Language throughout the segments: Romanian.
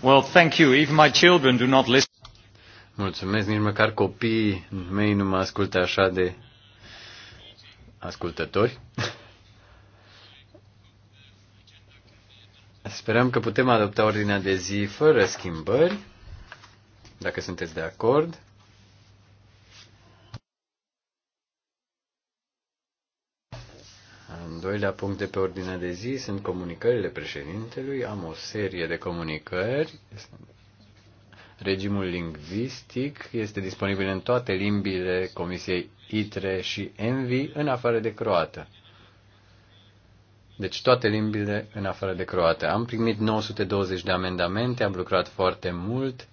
Well, thank you. Even my children do not listen. Mulțumesc, nici măcar copiii mei nu mă ascultă așa de ascultători. Sperăm că putem adopta ordinea de zi fără schimbări, dacă sunteți de acord. doilea punct de pe ordinea de zi sunt comunicările președintelui. Am o serie de comunicări. Regimul lingvistic este disponibil în toate limbile Comisiei ITRE și ENVI, în afară de croată. Deci toate limbile în afară de croată. Am primit 920 de amendamente, am lucrat foarte mult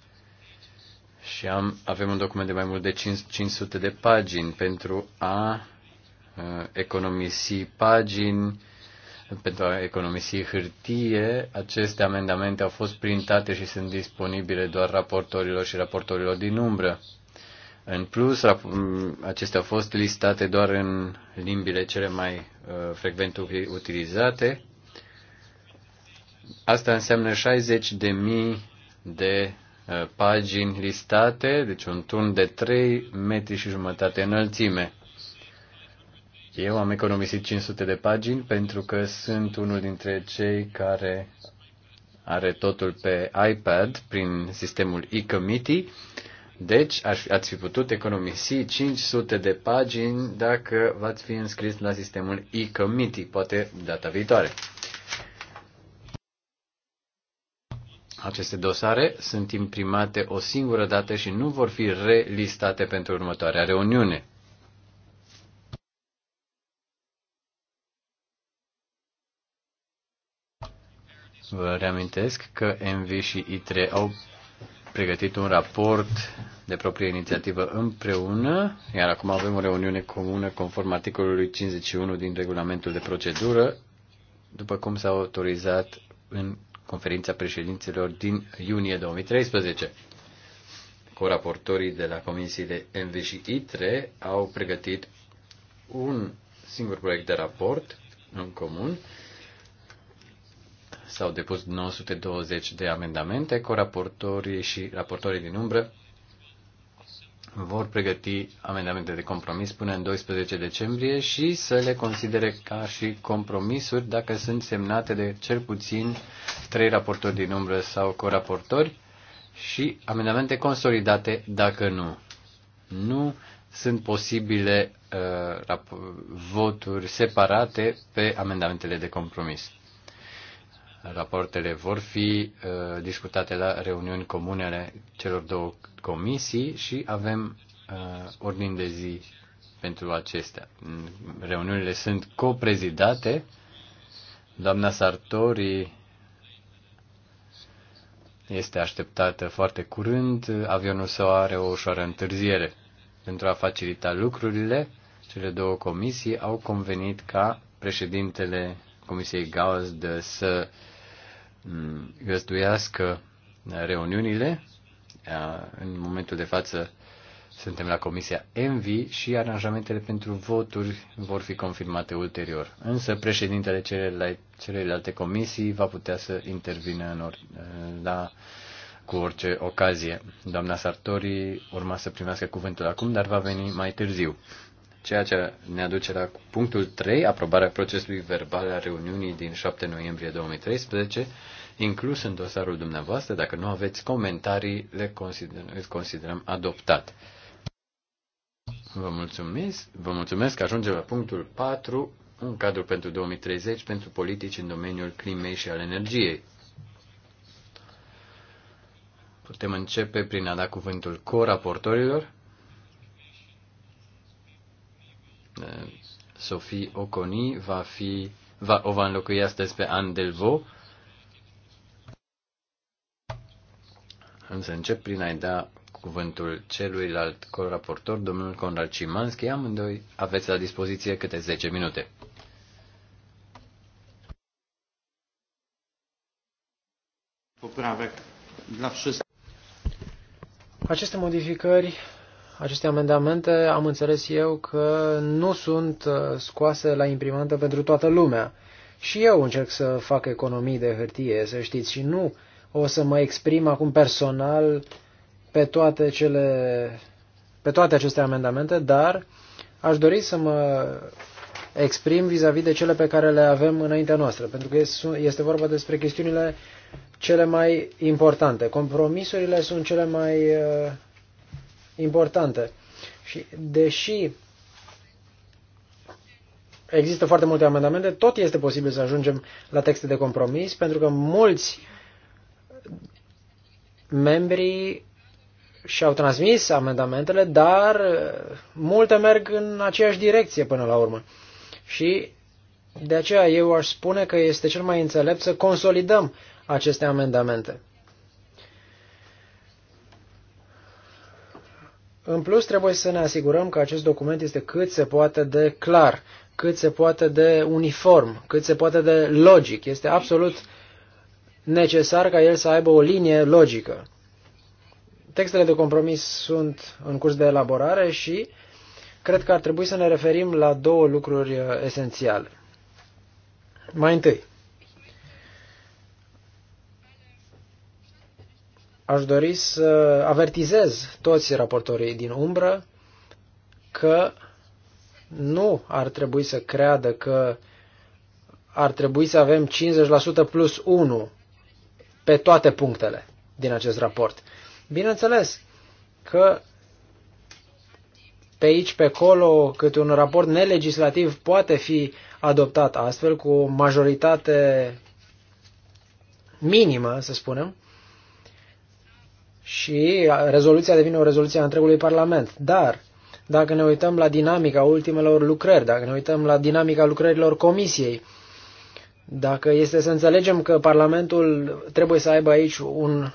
și am, avem un document de mai mult de 500 de pagini pentru a Uh, economisi pagini, pentru a economisi hârtie. Aceste amendamente au fost printate și sunt disponibile doar raportorilor și raportorilor din umbră. În plus, acestea au fost listate doar în limbile cele mai uh, frecvent utilizate. Asta înseamnă 60 de mii de uh, pagini listate, deci un turn de 3 metri și jumătate înălțime. Eu am economisit 500 de pagini pentru că sunt unul dintre cei care are totul pe iPad prin sistemul e-committee, deci ați fi putut economisi 500 de pagini dacă v-ați fi înscris la sistemul e-committee, poate data viitoare. Aceste dosare sunt imprimate o singură dată și nu vor fi relistate pentru următoarea reuniune. Vă reamintesc că MV și I3 au pregătit un raport de proprie inițiativă împreună, iar acum avem o reuniune comună conform articolului 51 din regulamentul de procedură, după cum s-a autorizat în conferința președinților din iunie 2013. Coraportorii de la comisiile MV și ITRE au pregătit un singur proiect de raport în comun S-au depus 920 de amendamente, raportorii și raportorii din umbră vor pregăti amendamente de compromis până în 12 decembrie și să le considere ca și compromisuri dacă sunt semnate de cel puțin trei raportori din umbră sau coraportori și amendamente consolidate dacă nu. Nu sunt posibile uh, voturi separate pe amendamentele de compromis. Rapoartele vor fi uh, discutate la reuniuni comune ale celor două comisii și avem uh, ordini de zi pentru acestea. Reuniunile sunt coprezidate. Doamna Sartori este așteptată foarte curând. Avionul său are o ușoară întârziere. Pentru a facilita lucrurile, cele două comisii au convenit ca președintele Comisiei de să uh, Mm, găzduiască uh, reuniunile. Uh, în momentul de față suntem la Comisia Envi și aranjamentele pentru voturi vor fi confirmate ulterior. Însă președintele celelalte comisii va putea să intervină în or- uh, la, cu orice ocazie. Doamna Sartori urma să primească cuvântul acum, dar va veni mai târziu ceea ce ne aduce la punctul 3, aprobarea procesului verbal a reuniunii din 7 noiembrie 2013, inclus în dosarul dumneavoastră. Dacă nu aveți comentarii, le considerăm, considerăm adoptat. Vă mulțumesc, vă mulțumesc, ajungem la punctul 4, un cadru pentru 2030 pentru politici în domeniul climei și al energiei. Putem începe prin a da cuvântul coraportorilor. Eh, Sophie Oconi va fi, va, o va înlocui astăzi pe Anne Delvaux. Însă încep prin a-i da cuvântul celuilalt coraportor, domnul Conrad Cimanski. Amândoi aveți la dispoziție câte 10 minute. Poprave, la Aceste modificări aceste amendamente, am înțeles eu că nu sunt uh, scoase la imprimantă pentru toată lumea. Și eu încerc să fac economii de hârtie, să știți, și nu o să mă exprim acum personal pe toate, cele, pe toate aceste amendamente, dar aș dori să mă exprim vis-a-vis -vis de cele pe care le avem înaintea noastră, pentru că este vorba despre chestiunile cele mai importante. Compromisurile sunt cele mai uh, importante. Și deși există foarte multe amendamente, tot este posibil să ajungem la texte de compromis, pentru că mulți membri și-au transmis amendamentele, dar multe merg în aceeași direcție până la urmă. Și de aceea eu aș spune că este cel mai înțelept să consolidăm aceste amendamente. În plus, trebuie să ne asigurăm că acest document este cât se poate de clar, cât se poate de uniform, cât se poate de logic. Este absolut necesar ca el să aibă o linie logică. Textele de compromis sunt în curs de elaborare și cred că ar trebui să ne referim la două lucruri uh, esențiale. Mai întâi, aș dori să avertizez toți raportorii din umbră că nu ar trebui să creadă că ar trebui să avem 50% plus 1 pe toate punctele din acest raport. Bineînțeles că pe aici, pe acolo, câte un raport nelegislativ poate fi adoptat astfel cu o majoritate minimă, să spunem, și rezoluția devine o rezoluție a întregului Parlament. Dar, dacă ne uităm la dinamica ultimelor lucrări, dacă ne uităm la dinamica lucrărilor Comisiei, dacă este să înțelegem că Parlamentul trebuie să aibă aici un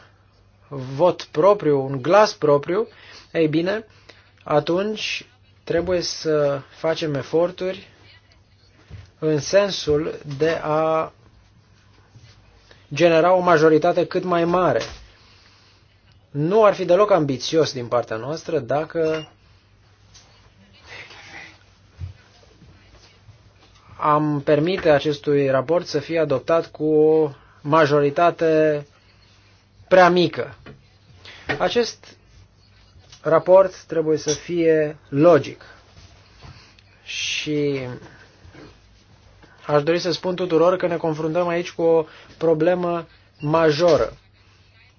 vot propriu, un glas propriu, ei bine, atunci trebuie să facem eforturi în sensul de a genera o majoritate cât mai mare nu ar fi deloc ambițios din partea noastră dacă am permite acestui raport să fie adoptat cu o majoritate prea mică. Acest raport trebuie să fie logic. Și aș dori să spun tuturor că ne confruntăm aici cu o problemă majoră.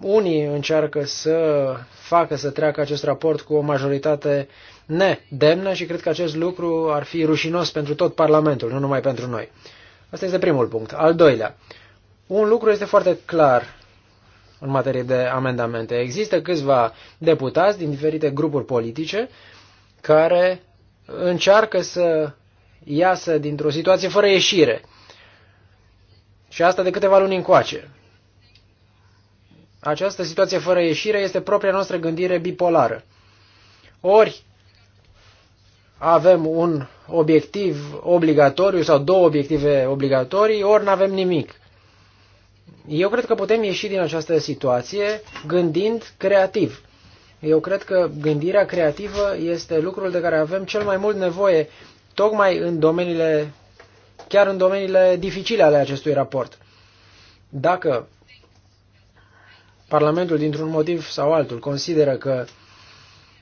Unii încearcă să facă să treacă acest raport cu o majoritate nedemnă și cred că acest lucru ar fi rușinos pentru tot Parlamentul, nu numai pentru noi. Asta este primul punct. Al doilea, un lucru este foarte clar în materie de amendamente. Există câțiva deputați din diferite grupuri politice care încearcă să iasă dintr-o situație fără ieșire. Și asta de câteva luni încoace. Această situație fără ieșire este propria noastră gândire bipolară. Ori avem un obiectiv obligatoriu sau două obiective obligatorii, ori nu avem nimic. Eu cred că putem ieși din această situație gândind creativ. Eu cred că gândirea creativă este lucrul de care avem cel mai mult nevoie, tocmai în domeniile, chiar în domeniile dificile ale acestui raport. Dacă Parlamentul, dintr-un motiv sau altul, consideră că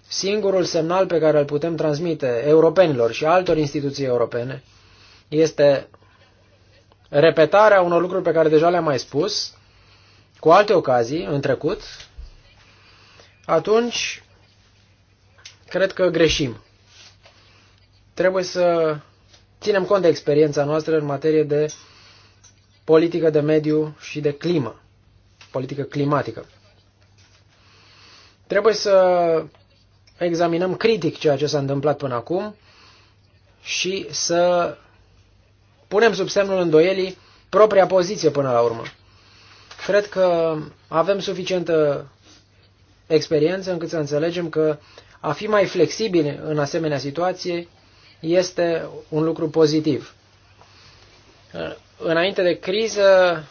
singurul semnal pe care îl putem transmite europenilor și altor instituții europene este repetarea unor lucruri pe care deja le-am mai spus cu alte ocazii în trecut, atunci cred că greșim. Trebuie să ținem cont de experiența noastră în materie de politică de mediu și de climă politică climatică. Trebuie să examinăm critic ceea ce s-a întâmplat până acum și să punem sub semnul îndoielii propria poziție până la urmă. Cred că avem suficientă experiență încât să înțelegem că a fi mai flexibil în asemenea situație este un lucru pozitiv. Înainte de criză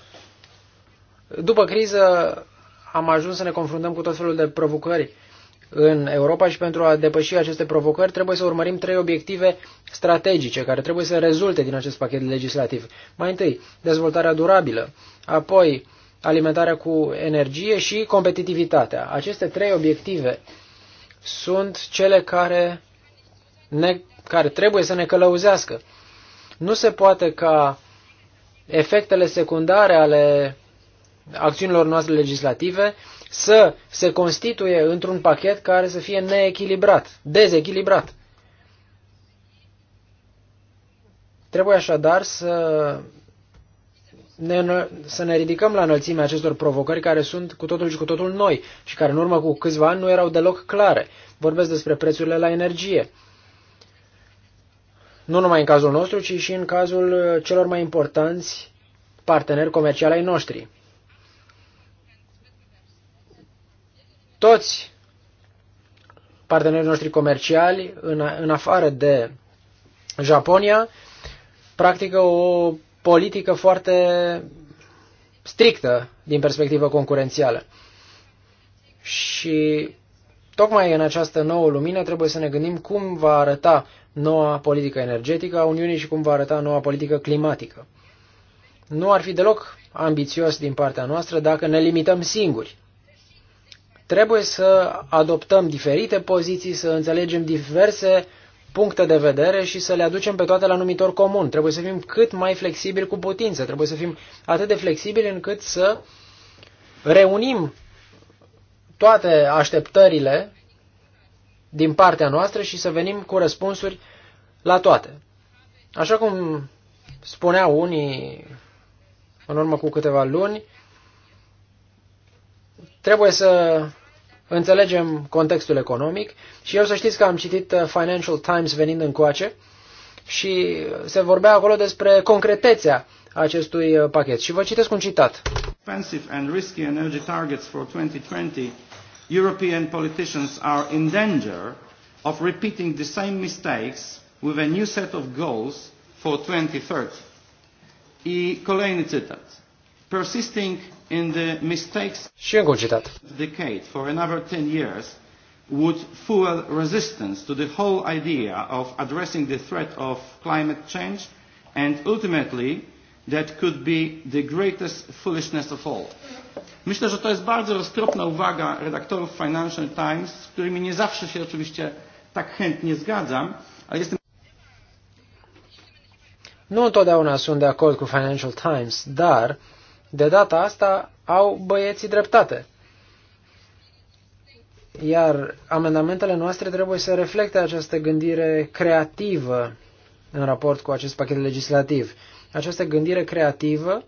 după criză am ajuns să ne confruntăm cu tot felul de provocări în Europa și pentru a depăși aceste provocări trebuie să urmărim trei obiective strategice care trebuie să rezulte din acest pachet legislativ. Mai întâi, dezvoltarea durabilă, apoi alimentarea cu energie și competitivitatea. Aceste trei obiective sunt cele care, ne, care trebuie să ne călăuzească. Nu se poate ca efectele secundare ale acțiunilor noastre legislative să se constituie într-un pachet care să fie neechilibrat, dezechilibrat. Trebuie așadar să ne, să ne ridicăm la înălțimea acestor provocări care sunt cu totul și cu totul noi și care în urmă cu câțiva ani nu erau deloc clare. Vorbesc despre prețurile la energie. Nu numai în cazul nostru, ci și în cazul celor mai importanți parteneri comerciali ai noștri. toți partenerii noștri comerciali, în, în afară de Japonia, practică o politică foarte strictă din perspectivă concurențială. Și tocmai în această nouă lumină trebuie să ne gândim cum va arăta noua politică energetică a Uniunii și cum va arăta noua politică climatică. Nu ar fi deloc ambițios din partea noastră dacă ne limităm singuri. Trebuie să adoptăm diferite poziții, să înțelegem diverse puncte de vedere și să le aducem pe toate la numitor comun. Trebuie să fim cât mai flexibili cu putință, trebuie să fim atât de flexibili încât să reunim toate așteptările din partea noastră și să venim cu răspunsuri la toate. Așa cum spuneau unii în urmă cu câteva luni, trebuie să înțelegem contextul economic și eu să știți că am citit uh, Financial Times venind coace și uh, se vorbea acolo despre concretețea acestui uh, pachet. Și vă citesc un citat. Expensive and risky energy targets for 2020, European politicians are in danger of repeating the same mistakes with a new set of goals for 2030. I kolejny cytat. Persisting in the mistakes și încă un citat. decade for another 10 years would fuel resistance to the whole idea of addressing the threat of climate change and ultimately that could be the greatest foolishness of all. Myślę, że to jest bardzo roztropna uwaga redaktorów Financial Times, z którymi nie zawsze się oczywiście tak chętnie zgadzam, ale jestem nu întotdeauna sunt de acord cu Financial Times, dar de data asta au băieții dreptate. Iar amendamentele noastre trebuie să reflecte această gândire creativă în raport cu acest pachet legislativ. Această gândire creativă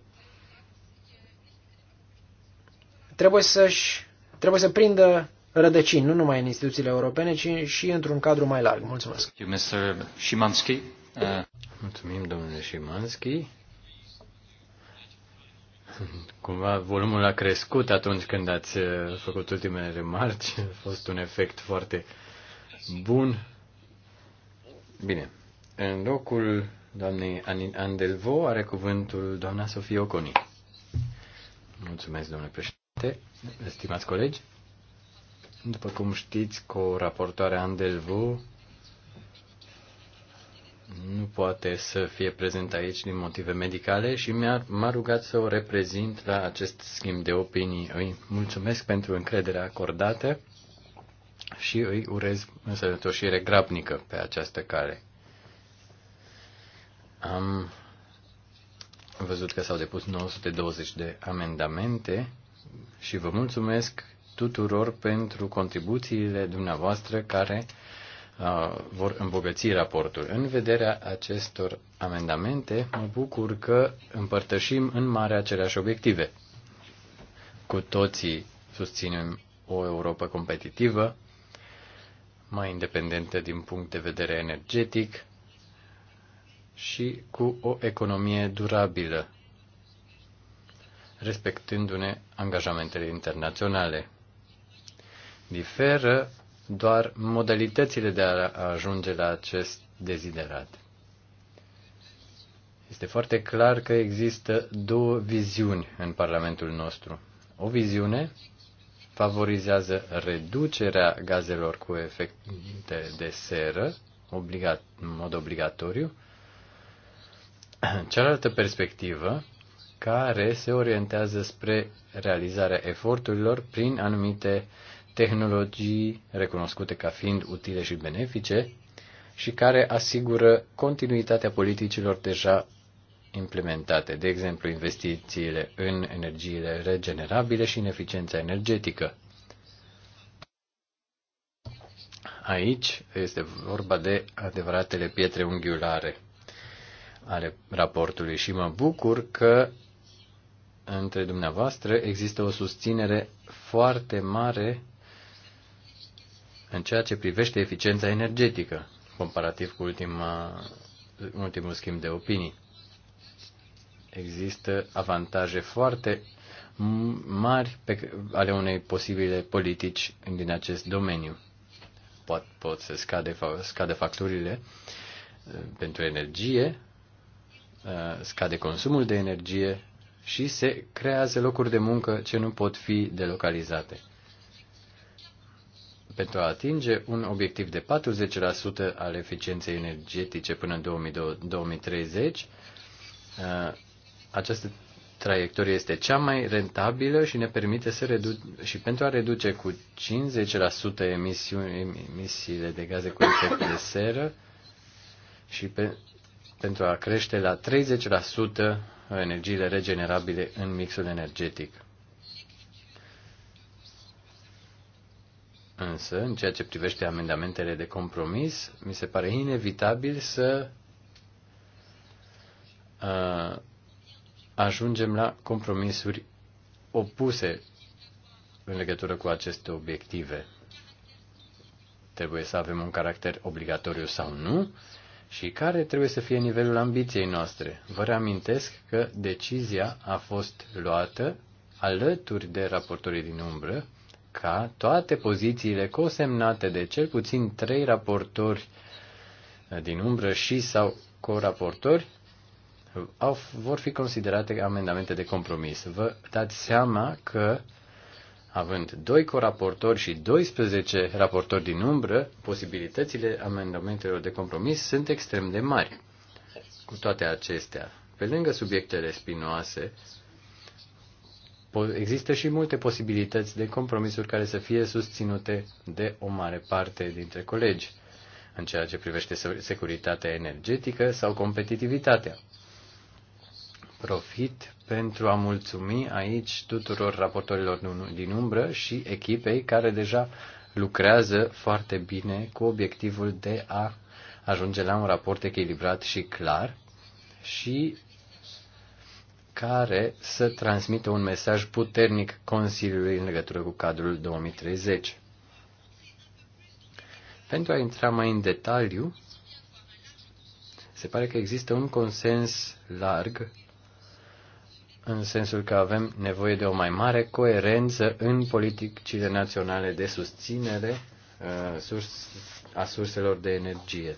trebuie să-și trebuie să prindă rădăcini, nu numai în instituțiile europene, ci și într-un cadru mai larg. Mulțumesc. Uh, Mulțumim, domnule Șimanski. Cumva volumul a crescut atunci când ați uh, făcut ultimele remarci. A fost un efect foarte bun. Bine. În locul doamnei Andelvo are cuvântul doamna Sofia Oconi. Mulțumesc, domnule președinte. Stimați colegi, după cum știți, cu raportoarea Andelvo nu poate să fie prezent aici din motive medicale și mi-a, m-a rugat să o reprezint la acest schimb de opinii. Îi mulțumesc pentru încrederea acordată și îi urez însănătoșire grabnică pe această cale. Am văzut că s-au depus 920 de amendamente și vă mulțumesc tuturor pentru contribuțiile dumneavoastră care Uh, vor îmbogăți raportul. În vederea acestor amendamente, mă bucur că împărtășim în mare aceleași obiective. Cu toții susținem o Europa competitivă, mai independentă din punct de vedere energetic și cu o economie durabilă, respectându-ne angajamentele internaționale. Diferă doar modalitățile de a ajunge la acest deziderat. Este foarte clar că există două viziuni în Parlamentul nostru. O viziune favorizează reducerea gazelor cu efecte de seră obligat, în mod obligatoriu. Cealaltă perspectivă care se orientează spre realizarea eforturilor prin anumite uh, tehnologii recunoscute ca fiind utile și benefice și care asigură continuitatea politicilor deja implementate, de exemplu investițiile în energiile regenerabile și în eficiența energetică. Aici este vorba de adevăratele pietre unghiulare ale raportului și mă bucur că între dumneavoastră există o susținere foarte mare în ceea ce privește eficiența energetică, comparativ cu ultima, ultimul schimb de opinii. Există avantaje foarte mari pe, ale unei posibile politici din acest domeniu. Pot, pot să scade, scade facturile uh, pentru energie, uh, scade consumul de energie și se creează locuri de muncă ce nu pot fi delocalizate pentru a atinge un obiectiv de 40% al eficienței energetice până în 2030. Uh, această traiectorie este cea mai rentabilă și ne permite să redu- și pentru a reduce cu 50% emisiuni, emisiile de gaze cu efect de seră și pe, pentru a crește la 30% energiile regenerabile în mixul energetic. Însă, în ceea ce privește amendamentele de compromis, mi se pare inevitabil să uh, ajungem la compromisuri opuse în legătură cu aceste obiective. Trebuie să avem un caracter obligatoriu sau nu și care trebuie să fie nivelul ambiției noastre. Vă reamintesc că decizia a fost luată alături de raportorii din umbră ca toate pozițiile cosemnate de cel puțin trei raportori uh, din umbră și sau coraportori au, vor fi considerate amendamente de compromis. Vă dați seama că, având doi coraportori și 12 raportori din umbră, posibilitățile amendamentelor de compromis sunt extrem de mari. Cu toate acestea, pe lângă subiectele spinoase, există și multe posibilități de compromisuri care să fie susținute de o mare parte dintre colegi în ceea ce privește securitatea energetică sau competitivitatea. Profit pentru a mulțumi aici tuturor raportorilor din umbră și echipei care deja lucrează foarte bine cu obiectivul de a ajunge la un raport echilibrat și clar și care să transmită un mesaj puternic Consiliului în legătură cu cadrul 2030. Pentru a intra mai în detaliu, se pare că există un consens larg în sensul că avem nevoie de o mai mare coerență în politicile naționale de susținere uh, a surselor de energie.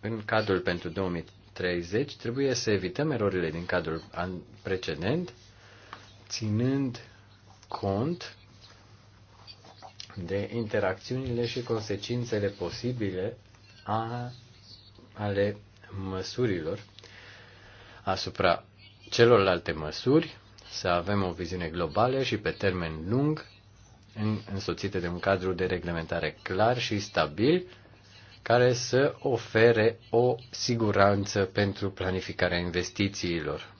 În cadrul pentru 2030, 30 trebuie să evităm erorile din cadrul precedent, ținând cont de interacțiunile și consecințele posibile a, ale măsurilor asupra celorlalte măsuri, să avem o viziune globală și pe termen lung, însoțite de un cadru de reglementare clar și stabil, care să ofere o siguranță pentru planificarea investițiilor,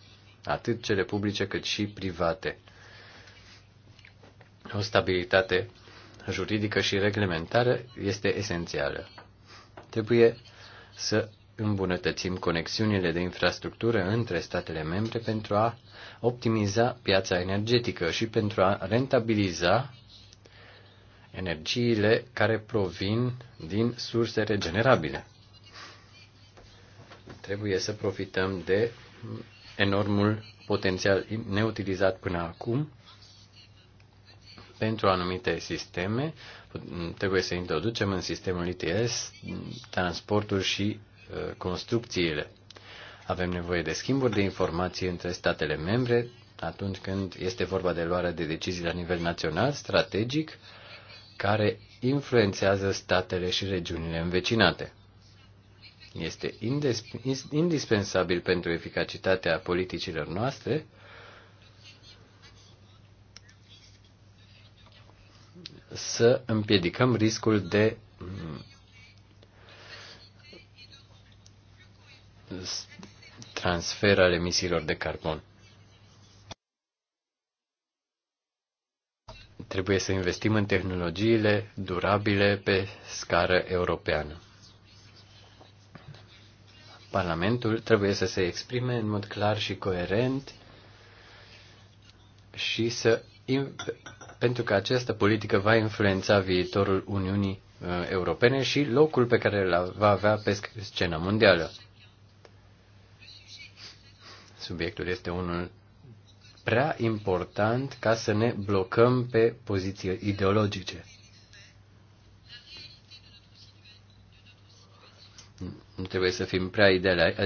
atât cele publice cât și private. O stabilitate juridică și reglementară este esențială. Trebuie să îmbunătățim conexiunile de infrastructură între statele membre pentru a optimiza piața energetică și pentru a rentabiliza energiile care provin din surse regenerabile. Trebuie să profităm de enormul potențial neutilizat până acum pentru anumite sisteme. Trebuie să introducem în sistemul ITS transportul și uh, construcțiile. Avem nevoie de schimburi de informații între statele membre atunci când este vorba de luarea de decizii la nivel național, strategic, care influențează statele și regiunile învecinate. Este indispensabil pentru eficacitatea politicilor noastre să împiedicăm riscul de mm, transfer al emisiilor de carbon. Trebuie să investim în tehnologiile durabile pe scară europeană. Parlamentul trebuie să se exprime în mod clar și coerent și să pentru că această politică va influența viitorul Uniunii uh, Europene și locul pe care îl va avea pe scena mondială. Subiectul este unul prea important ca să ne blocăm pe poziții ideologice. Nu trebuie să fim prea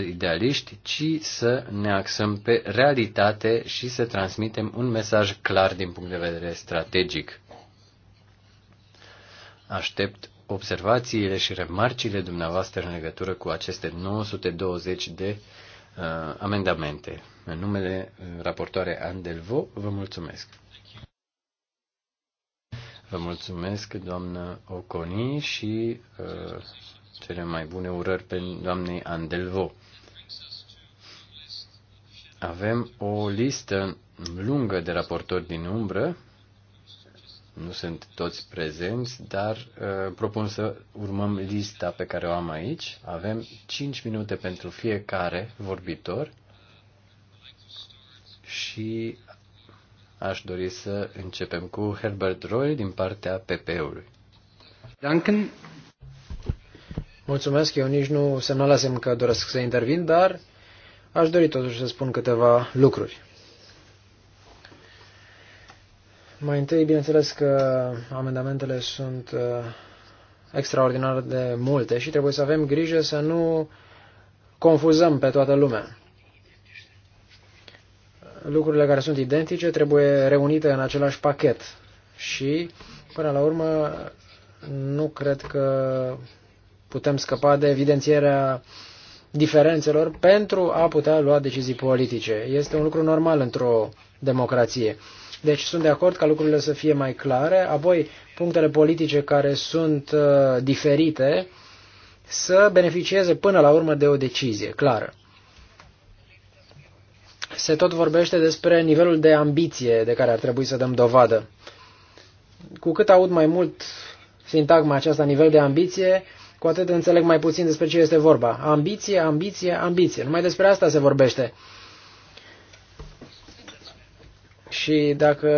idealiști, ci să ne axăm pe realitate și să transmitem un mesaj clar din punct de vedere strategic. Aștept observațiile și remarcile dumneavoastră în legătură cu aceste 920 de uh, amendamente. În numele uh, raportoare Andelvo, vă mulțumesc. Vă mulțumesc, doamnă Oconi, și uh, cele mai bune urări pe doamnei Andelvo. Avem o listă lungă de raportori din umbră. Nu sunt toți prezenți, dar uh, propun să urmăm lista pe care o am aici. Avem 5 minute pentru fiecare vorbitor și aș dori să începem cu Herbert Roy din partea PP-ului. Duncan? Mulțumesc, eu nici nu semnalasem că doresc să intervin, dar aș dori totuși să spun câteva lucruri. Mai întâi, bineînțeles că amendamentele sunt uh, extraordinar de multe și trebuie să avem grijă să nu confuzăm pe toată lumea lucrurile care sunt identice trebuie reunite în același pachet și, până la urmă, nu cred că putem scăpa de evidențierea diferențelor pentru a putea lua decizii politice. Este un lucru normal într-o democrație. Deci sunt de acord ca lucrurile să fie mai clare, apoi punctele politice care sunt uh, diferite să beneficieze până la urmă de o decizie clară se tot vorbește despre nivelul de ambiție de care ar trebui să dăm dovadă. Cu cât aud mai mult sintagma aceasta, nivel de ambiție, cu atât înțeleg mai puțin despre ce este vorba. Ambiție, ambiție, ambiție. Numai despre asta se vorbește. Și dacă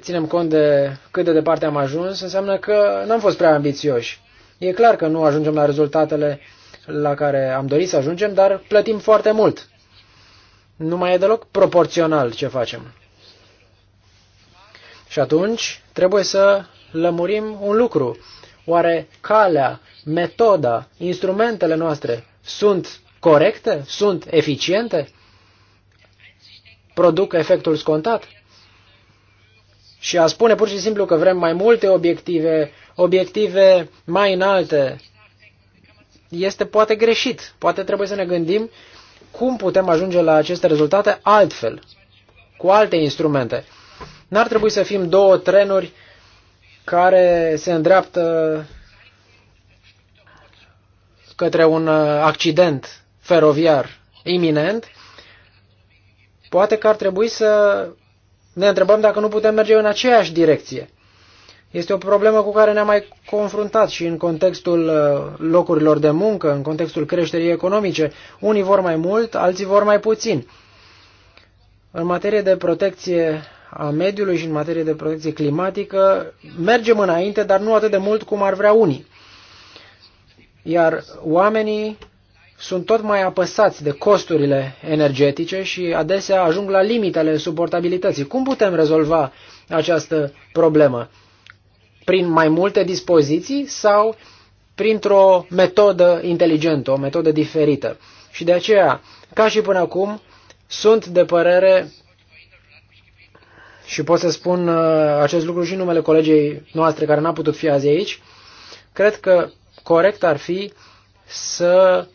ținem cont de cât de departe am ajuns, înseamnă că n-am fost prea ambițioși. E clar că nu ajungem la rezultatele la care am dorit să ajungem, dar plătim foarte mult nu mai e deloc proporțional ce facem. Și atunci trebuie să lămurim un lucru. Oare calea, metoda, instrumentele noastre sunt corecte? Sunt eficiente? Produc efectul scontat? Și a spune pur și simplu că vrem mai multe obiective, obiective mai înalte, este poate greșit. Poate trebuie să ne gândim cum putem ajunge la aceste rezultate altfel, cu alte instrumente. N-ar trebui să fim două trenuri care se îndreaptă către un uh, accident feroviar iminent. Poate că ar trebui să ne întrebăm dacă nu putem merge în aceeași direcție. Este o problemă cu care ne-am mai confruntat și în contextul uh, locurilor de muncă, în contextul creșterii economice. Unii vor mai mult, alții vor mai puțin. În materie de protecție a mediului și în materie de protecție climatică mergem înainte, dar nu atât de mult cum ar vrea unii. Iar oamenii sunt tot mai apăsați de costurile energetice și adesea ajung la limitele suportabilității. Cum putem rezolva această problemă? prin mai multe dispoziții sau printr-o metodă inteligentă, o metodă diferită. Și de aceea, ca și până acum, sunt de părere și pot să spun uh, acest lucru și numele colegei noastre care n-a putut fi azi aici, cred că corect ar fi să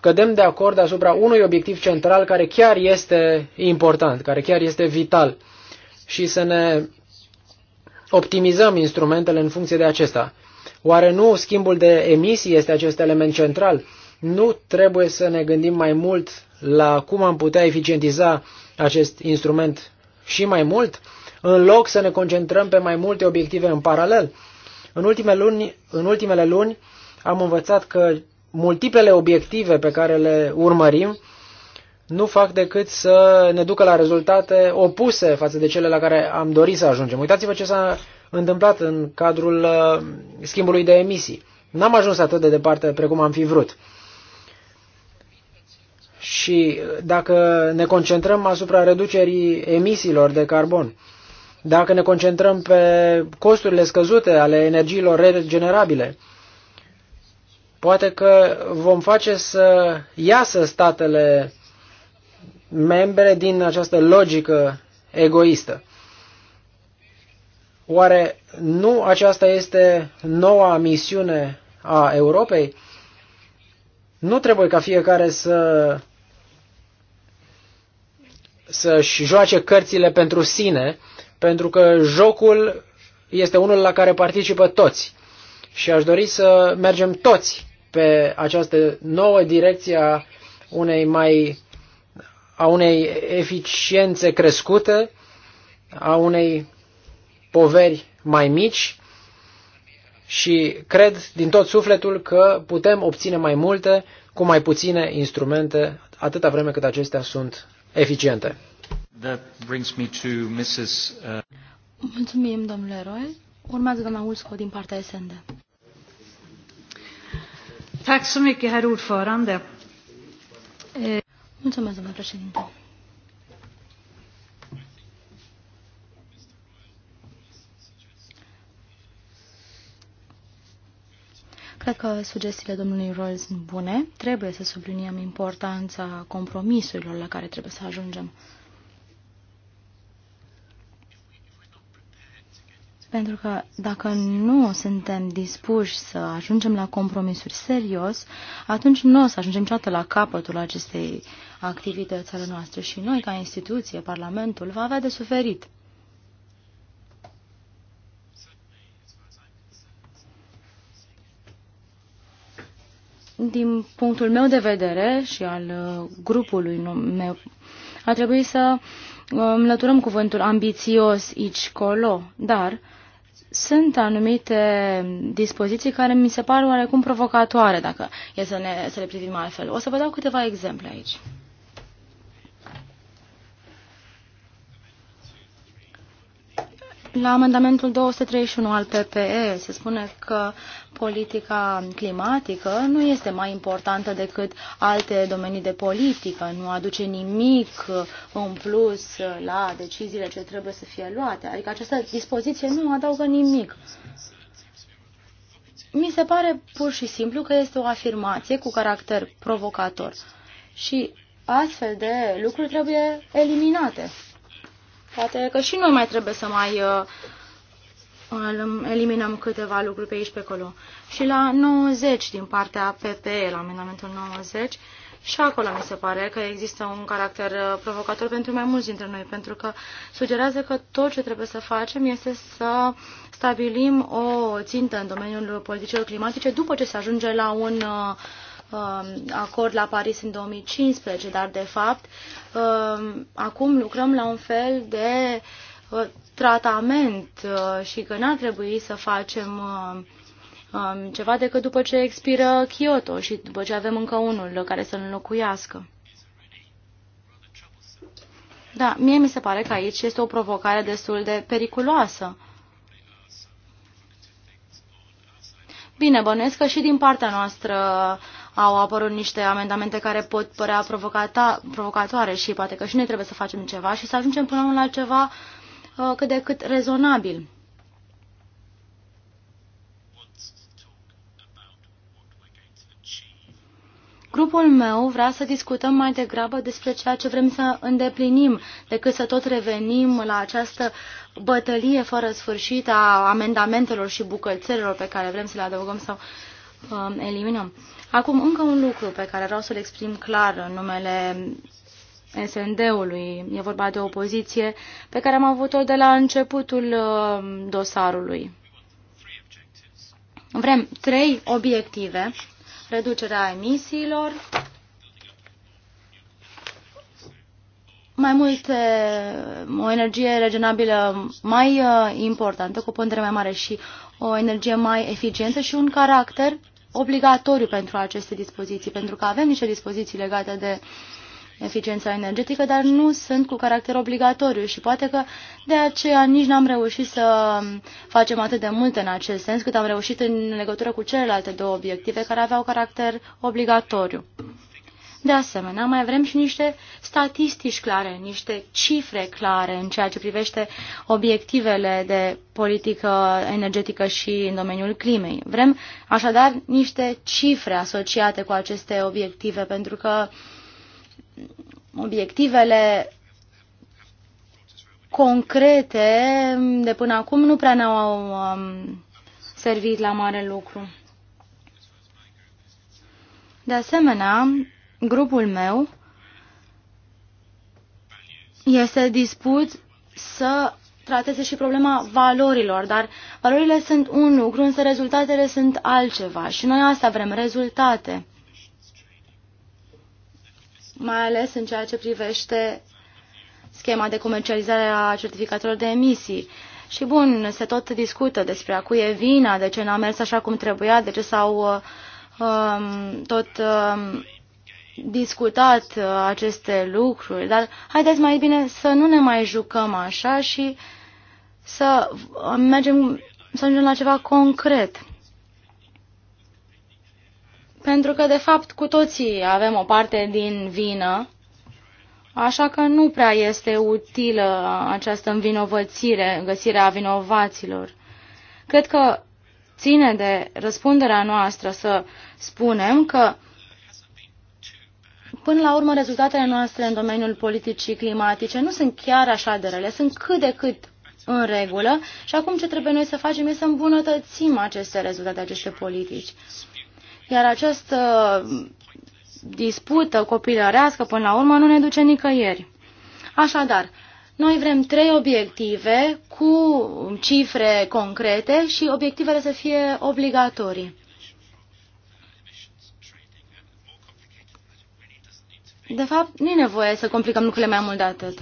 cădem de acord asupra unui obiectiv central care chiar este important, care chiar este vital și să ne optimizăm instrumentele în funcție de acesta. Oare nu schimbul de emisii este acest element central? Nu trebuie să ne gândim mai mult la cum am putea eficientiza acest instrument și mai mult, în loc să ne concentrăm pe mai multe obiective în paralel. În ultime luni, în ultimele luni am învățat că multiplele obiective pe care le urmărim nu fac decât să ne ducă la rezultate opuse față de cele la care am dorit să ajungem. Uitați-vă ce s-a întâmplat în cadrul uh, schimbului de emisii. N-am ajuns atât de departe precum am fi vrut. Și dacă ne concentrăm asupra reducerii emisiilor de carbon, dacă ne concentrăm pe costurile scăzute ale energiilor regenerabile, poate că vom face să iasă statele membre din această logică egoistă. Oare nu aceasta este noua misiune a Europei? Nu trebuie ca fiecare să să-și joace cărțile pentru sine, pentru că jocul este unul la care participă toți. Și aș dori să mergem toți pe această nouă direcție a unei mai a unei eficiențe crescute, a unei poveri mai mici și cred din tot sufletul că putem obține mai multe cu mai puține instrumente atâta vreme cât acestea sunt eficiente. That brings me to Mrs. Uh... Mulțumim, domnule Roel. Urmează doamna Ulsco din partea SND. Tack så mycket, herr ordförande. Eh, Mulțumesc, domnule președinte. Cred că sugestiile domnului Royal sunt bune. Trebuie să subliniem importanța compromisurilor la care trebuie să ajungem. Pentru că dacă nu suntem dispuși să ajungem la compromisuri serios, atunci nu o să ajungem niciodată la capătul acestei activități ale noastre și noi, ca instituție, Parlamentul, va avea de suferit. Din punctul meu de vedere și al uh, grupului meu, a trebuit să înlăturăm cuvântul ambițios aici colo, dar sunt anumite dispoziții care mi se par oarecum provocatoare, dacă e să, ne, să le privim altfel. O să vă dau câteva exemple aici. La amendamentul 231 al PPE se spune că politica climatică nu este mai importantă decât alte domenii de politică, nu aduce nimic în plus la deciziile ce trebuie să fie luate. Adică această dispoziție nu adaugă nimic. Mi se pare pur și simplu că este o afirmație cu caracter provocator și astfel de lucruri trebuie eliminate. Poate că și noi mai trebuie să mai uh, eliminăm câteva lucruri pe aici pe acolo. Și la 90 din partea PPE, la amendamentul 90, și acolo mi se pare că există un caracter uh, provocator pentru mai mulți dintre noi, pentru că sugerează că tot ce trebuie să facem este să stabilim o țintă în domeniul politicilor climatice după ce se ajunge la un uh, Um, acord la Paris în 2015, dar de fapt um, acum lucrăm la un fel de uh, tratament uh, și că n-ar trebui să facem um, ceva decât după ce expiră Kyoto și după ce avem încă unul care să-l înlocuiască. Da, mie mi se pare că aici este o provocare destul de periculoasă. Bine, bănuiesc că și din partea noastră au apărut niște amendamente care pot părea provocata, provocatoare și poate că și noi trebuie să facem ceva și să ajungem până la ceva uh, cât de cât rezonabil. Grupul meu vrea să discutăm mai degrabă despre ceea ce vrem să îndeplinim, decât să tot revenim la această bătălie fără sfârșit a amendamentelor și bucățelor pe care vrem să le adăugăm sau Um, eliminăm. Acum, încă un lucru pe care vreau să-l exprim clar în numele SND-ului. E vorba de o poziție pe care am avut-o de la începutul um, dosarului. Vrem trei obiective. Reducerea emisiilor, mai multe o energie regenabilă mai uh, importantă, cu o pondere mai mare și o energie mai eficientă și un caracter obligatoriu pentru aceste dispoziții, pentru că avem niște dispoziții legate de eficiența energetică, dar nu sunt cu caracter obligatoriu și poate că de aceea nici n-am reușit să facem atât de multe în acest sens cât am reușit în legătură cu celelalte două obiective care aveau caracter obligatoriu. De asemenea, mai vrem și niște statistici clare, niște cifre clare în ceea ce privește obiectivele de politică energetică și în domeniul climei. Vrem așadar niște cifre asociate cu aceste obiective, pentru că obiectivele concrete de până acum nu prea ne-au um, servit la mare lucru. De asemenea, grupul meu este dispus să trateze și problema valorilor, dar valorile sunt un lucru, însă rezultatele sunt altceva și noi asta vrem, rezultate. Mai ales în ceea ce privește schema de comercializare a certificatelor de emisii. Și bun, se tot discută despre a cui e vina, de ce n-a mers așa cum trebuia, de ce s-au uh, um, tot uh, discutat uh, aceste lucruri, dar haideți mai bine să nu ne mai jucăm așa și să mergem să ajungem la ceva concret. Pentru că, de fapt, cu toții avem o parte din vină, așa că nu prea este utilă această învinovățire, găsirea vinovaților. Cred că ține de răspunderea noastră să spunem că Până la urmă, rezultatele noastre în domeniul politicii climatice nu sunt chiar așa de rele, sunt cât de cât în regulă și acum ce trebuie noi să facem este să îmbunătățim aceste rezultate, aceste politici. Iar această dispută copilărească, până la urmă, nu ne duce nicăieri. Așadar, noi vrem trei obiective cu cifre concrete și obiectivele să fie obligatorii. De fapt, nu e nevoie să complicăm lucrurile mai mult de atât.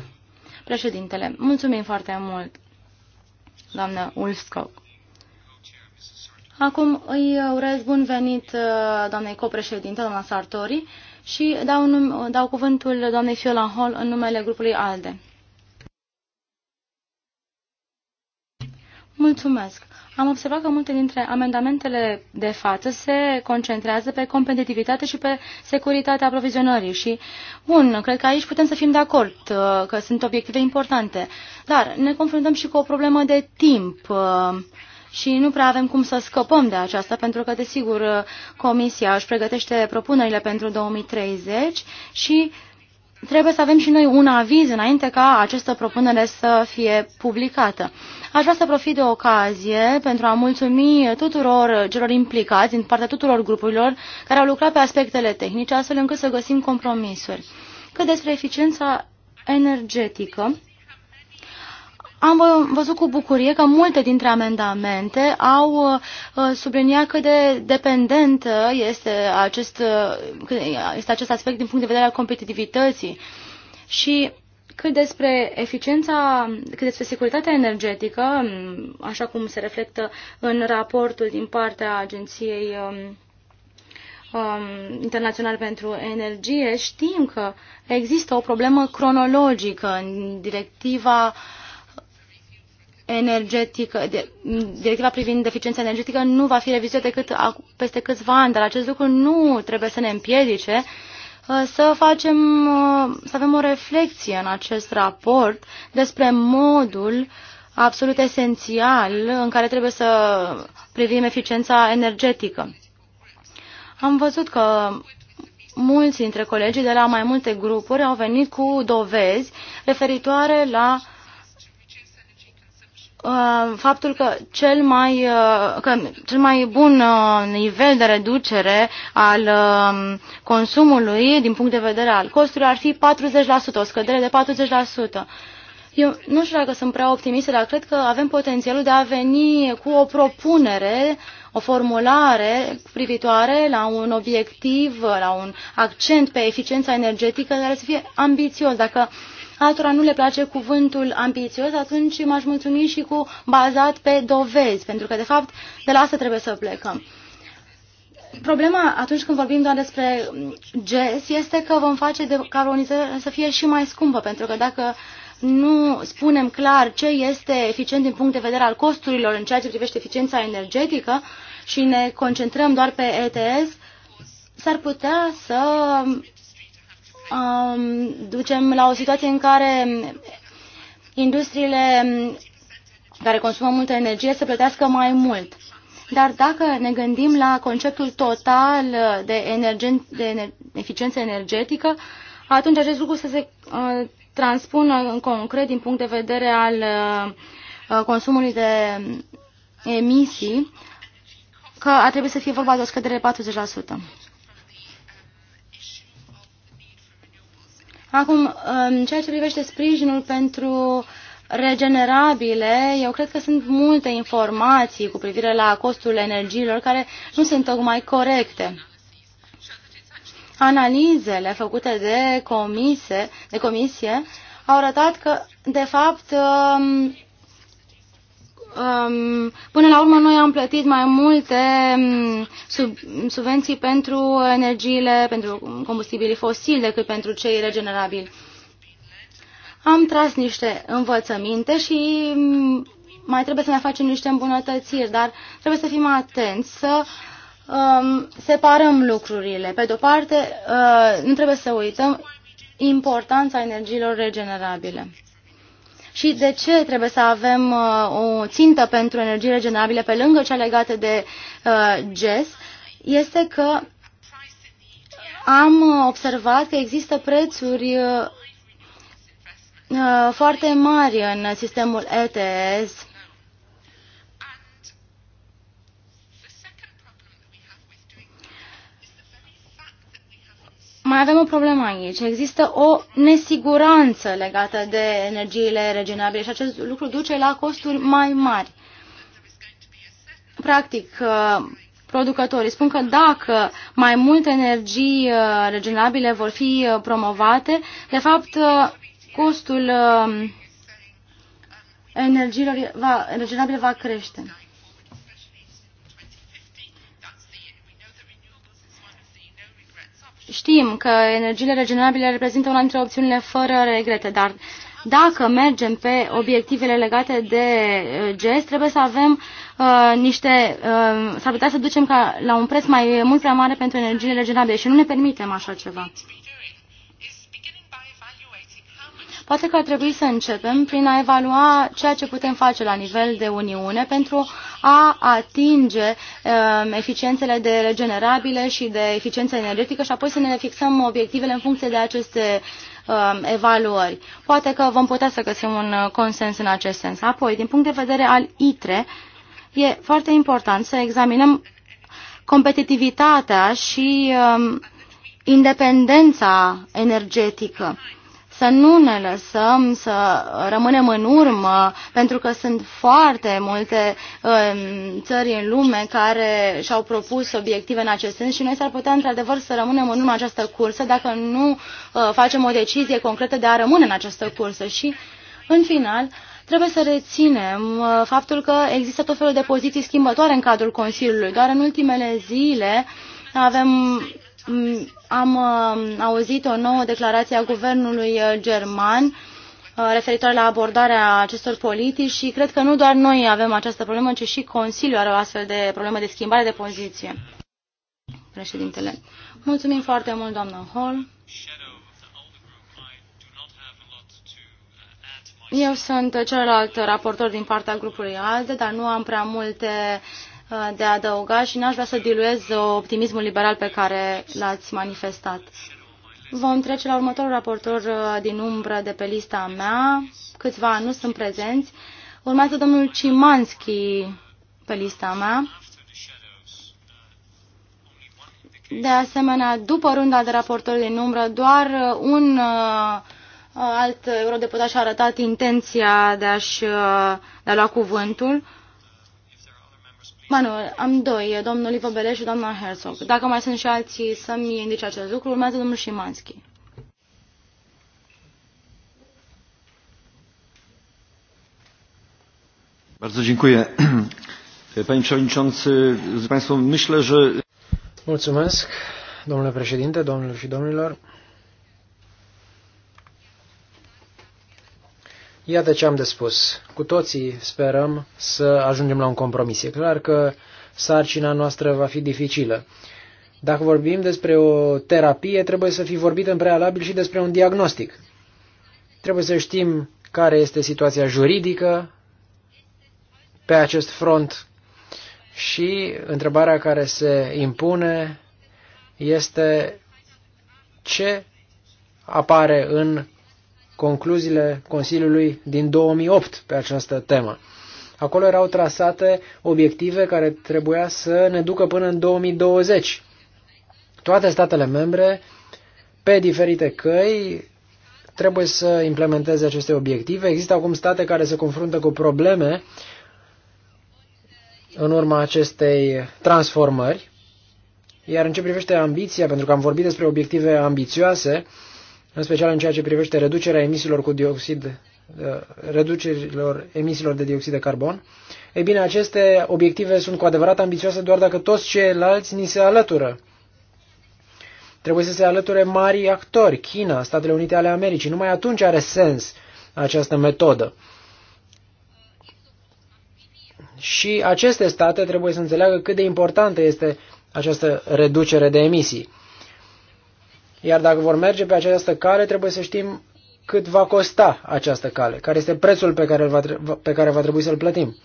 Președintele, mulțumim foarte mult, doamnă Ulfskog. Acum îi urez bun venit uh, doamnei copreședinte, doamna Sartori, și dau, dau cuvântul doamnei Fiola Hall în numele grupului ALDE. Mulțumesc. Am observat că multe dintre amendamentele de față se concentrează pe competitivitate și pe securitatea aprovizionării și, bun, cred că aici putem să fim de acord uh, că sunt obiective importante, dar ne confruntăm și cu o problemă de timp uh, și nu prea avem cum să scăpăm de aceasta, pentru că, desigur, uh, Comisia își pregătește propunerile pentru 2030 și trebuie să avem și noi un aviz înainte ca această propunere să fie publicată. Aș vrea să profit de ocazie pentru a mulțumi tuturor celor implicați din partea tuturor grupurilor care au lucrat pe aspectele tehnice, astfel încât să găsim compromisuri. Cât despre eficiența energetică, am uh, văzut cu bucurie că multe dintre amendamente au uh, subliniat cât de dependent uh, este acest, este acest aspect din punct de vedere al competitivității și cât despre eficiența, cât despre securitatea energetică, um, așa cum se reflectă în raportul din partea Agenției Internaționale um, um, internațional pentru energie, știm că există o problemă cronologică în directiva energetică, directiva privind eficiența energetică nu va fi revizuită decât peste câțiva ani, dar acest lucru nu trebuie să ne împiedice uh, să facem, uh, să avem o reflexie în acest raport despre modul absolut esențial în care trebuie să privim eficiența energetică. Am văzut că mulți dintre colegii de la mai multe grupuri au venit cu dovezi referitoare la uh, Uh, faptul că cel mai, uh, că cel mai bun uh, nivel de reducere al um, consumului din punct de vedere al costurilor ar fi 40%, o scădere de 40%. Eu nu știu dacă sunt prea optimistă, dar cred că avem potențialul de a veni cu o propunere, o formulare privitoare la un obiectiv, la un accent pe eficiența energetică care să fie ambițios. Dacă uh, altora nu le place cuvântul ambițios, atunci m-aș mulțumi și cu bazat pe dovezi, pentru că, de fapt, de la asta trebuie să plecăm. Problema atunci când vorbim doar despre GES este că vom face de carbonizarea să fie și mai scumpă, pentru că dacă nu spunem clar ce este eficient din punct de vedere al costurilor în ceea ce privește eficiența energetică și ne concentrăm doar pe ETS, s-ar putea să um, ducem la o situație în care industriile care consumă multă energie să plătească mai mult. Dar dacă ne gândim la conceptul total de, energen, de ener, eficiență energetică, atunci acest lucru să se uh, transpună în concret din punct de vedere al uh, consumului de emisii, că ar trebui să fie vorba de o scădere 40%. Acum, în ceea ce privește sprijinul pentru regenerabile, eu cred că sunt multe informații cu privire la costul energiilor care nu sunt tocmai corecte. Analizele făcute de, comise, de comisie au arătat că, de fapt, um, um, până la urmă noi am plătit mai multe um, sub, subvenții pentru energiile, pentru combustibilii fosili decât pentru cei regenerabili. Am tras niște învățăminte și um, mai trebuie să ne facem niște îmbunătățiri, dar trebuie să fim atenți să um, separăm lucrurile. Pe de-o parte, uh, nu trebuie să uităm importanța energiilor regenerabile și de ce trebuie să avem uh, o țintă pentru energie regenerabile pe lângă cea legată de uh, GES, este că am uh, observat că există prețuri foarte mari în sistemul ETS mai avem o problemă aici. Există o nesiguranță legată de energiile regenerabile și acest lucru duce la costuri mai mari. Practic, uh, producătorii spun că dacă mai multe energii uh, regenerabile vor fi uh, promovate, de fapt, costul energiilor regenerabile va crește. Știm că energiile regenerabile reprezintă una dintre opțiunile fără regrete, dar dacă mergem pe obiectivele legate de uh, GES, trebuie să avem uh, niște... Uh, s-ar putea să ducem ca, la un preț mai mult prea mare pentru energiile regenerabile și nu ne permitem așa ceva. Poate că ar trebui să începem prin a evalua ceea ce putem face la nivel de Uniune pentru a atinge um, eficiențele de regenerabile și de eficiență energetică și apoi să ne fixăm obiectivele în funcție de aceste um, evaluări. Poate că vom putea să găsim un consens în acest sens. Apoi, din punct de vedere al ITRE, e foarte important să examinăm competitivitatea și um, independența energetică să nu ne lăsăm să rămânem în urmă, pentru că sunt foarte multe um, țări în lume care și-au propus obiective în acest sens și noi s-ar putea într-adevăr să rămânem în urmă această cursă dacă nu uh, facem o decizie concretă de a rămâne în această cursă. Și, în final, trebuie să reținem uh, faptul că există tot felul de poziții schimbătoare în cadrul Consiliului. Doar în ultimele zile avem Mm, am uh, auzit o nouă declarație a guvernului uh, german uh, referitoare la abordarea acestor politici și cred că nu doar noi avem această problemă, ci și Consiliul are o astfel de problemă de schimbare de poziție. Președintele. Mulțumim foarte mult, doamnă Hall. Eu sunt celălalt raportor din partea grupului ALDE, dar nu am prea multe uh, Uh, de a adăuga și n-aș vrea să diluez optimismul liberal pe care l-ați manifestat. Vom trece la următorul raportor uh, din umbră de pe lista mea. Câțiva nu sunt prezenți. Urmează domnul Cimanski pe lista mea. De asemenea, după runda de raportori din umbră, doar uh, un alt eurodeputat și-a arătat intenția de a-și de a lua cuvântul. Mă am doi, domnul Ivo Beleș și doamna Herzog. Dacă mai sunt și alții să-mi indice acest lucru, urmează domnul Șimanski. Bardzo dziękuję. Panie Przewodniczący, z Państwem myślę, że... Mulțumesc, domnule președinte, domnilor și domnilor. Iată ce am de spus. Cu toții sperăm să ajungem la un compromis. E clar că sarcina noastră va fi dificilă. Dacă vorbim despre o terapie, trebuie să fi vorbit în prealabil și despre un diagnostic. Trebuie să știm care este situația juridică pe acest front și întrebarea care se impune este ce apare în concluziile Consiliului din 2008 pe această temă. Acolo erau trasate obiective care trebuia să ne ducă până în 2020. Toate statele membre, pe diferite căi, trebuie să implementeze aceste obiective. Există acum state care se confruntă cu probleme în urma acestei transformări. Iar în ce privește ambiția, pentru că am vorbit despre obiective ambițioase, în special în ceea ce privește reducerea emisiilor cu dioxid uh, reducerilor emisiilor de dioxid de carbon. Ei bine, aceste obiective sunt cu adevărat ambițioase doar dacă toți ceilalți ni se alătură. Trebuie să se alăture mari actori, China, Statele Unite ale Americii. Numai atunci are sens această metodă. Și aceste state trebuie să înțeleagă cât de importantă este această reducere de emisii. Iar dacă vor merge pe această cale, trebuie să știm cât va costa această cale, care este prețul pe care, va, pe care va trebui să-l plătim.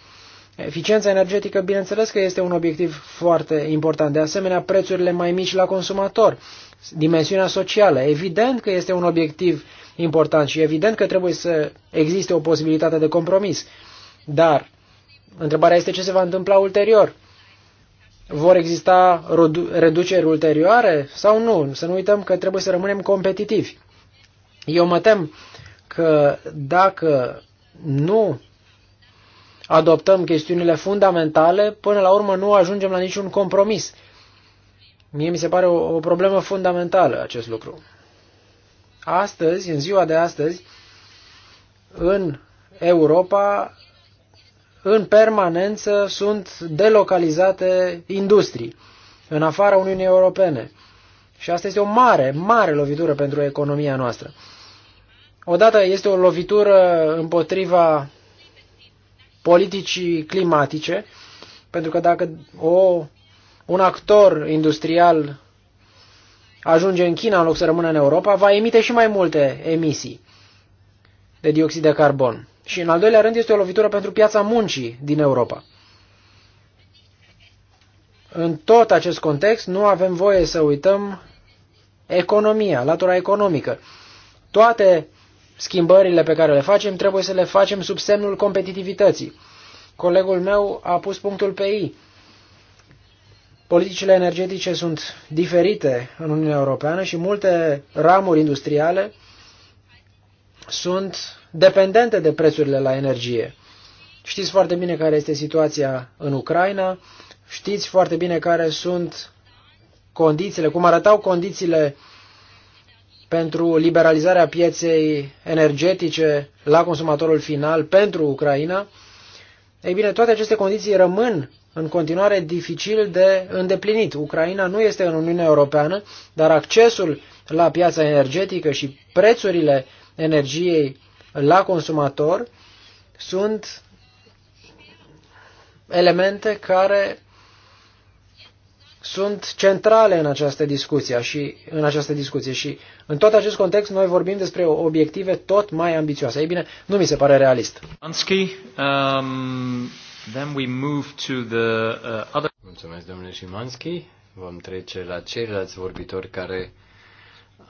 Eficiența energetică, bineînțeles că este un obiectiv foarte important. De asemenea, prețurile mai mici la consumator, dimensiunea socială, evident că este un obiectiv important și evident că trebuie să existe o posibilitate de compromis. Dar întrebarea este ce se va întâmpla ulterior. Vor exista reduceri ulterioare sau nu? Să nu uităm că trebuie să rămânem competitivi. Eu mă tem că dacă nu adoptăm chestiunile fundamentale, până la urmă nu ajungem la niciun compromis. Mie mi se pare o, o problemă fundamentală acest lucru. Astăzi, în ziua de astăzi, în Europa în permanență sunt delocalizate industrii în afara Uniunii Europene. Și asta este o mare, mare lovitură pentru economia noastră. Odată este o lovitură împotriva politicii climatice, pentru că dacă o, un actor industrial ajunge în China în loc să rămână în Europa, va emite și mai multe emisii de dioxid de carbon și în al doilea rând este o lovitură pentru piața muncii din Europa. În tot acest context nu avem voie să uităm economia, latura economică. Toate schimbările pe care le facem trebuie să le facem sub semnul competitivității. Colegul meu a pus punctul pe I. Politicile energetice sunt diferite în Uniunea Europeană și multe ramuri industriale sunt dependente de prețurile la energie. Știți foarte bine care este situația în Ucraina, știți foarte bine care sunt condițiile, cum arătau condițiile pentru liberalizarea pieței energetice la consumatorul final pentru Ucraina. Ei bine, toate aceste condiții rămân în continuare dificil de îndeplinit. Ucraina nu este în Uniunea Europeană, dar accesul la piața energetică și prețurile energiei la consumator sunt elemente care sunt centrale în această discuție și în această discuție și în tot acest context noi vorbim despre obiective tot mai ambițioase. Ei bine, nu mi se pare realist. Anski, um, then we move to the uh, other... Mulțumesc, domnule Șimanski. Vom trece la ceilalți vorbitori care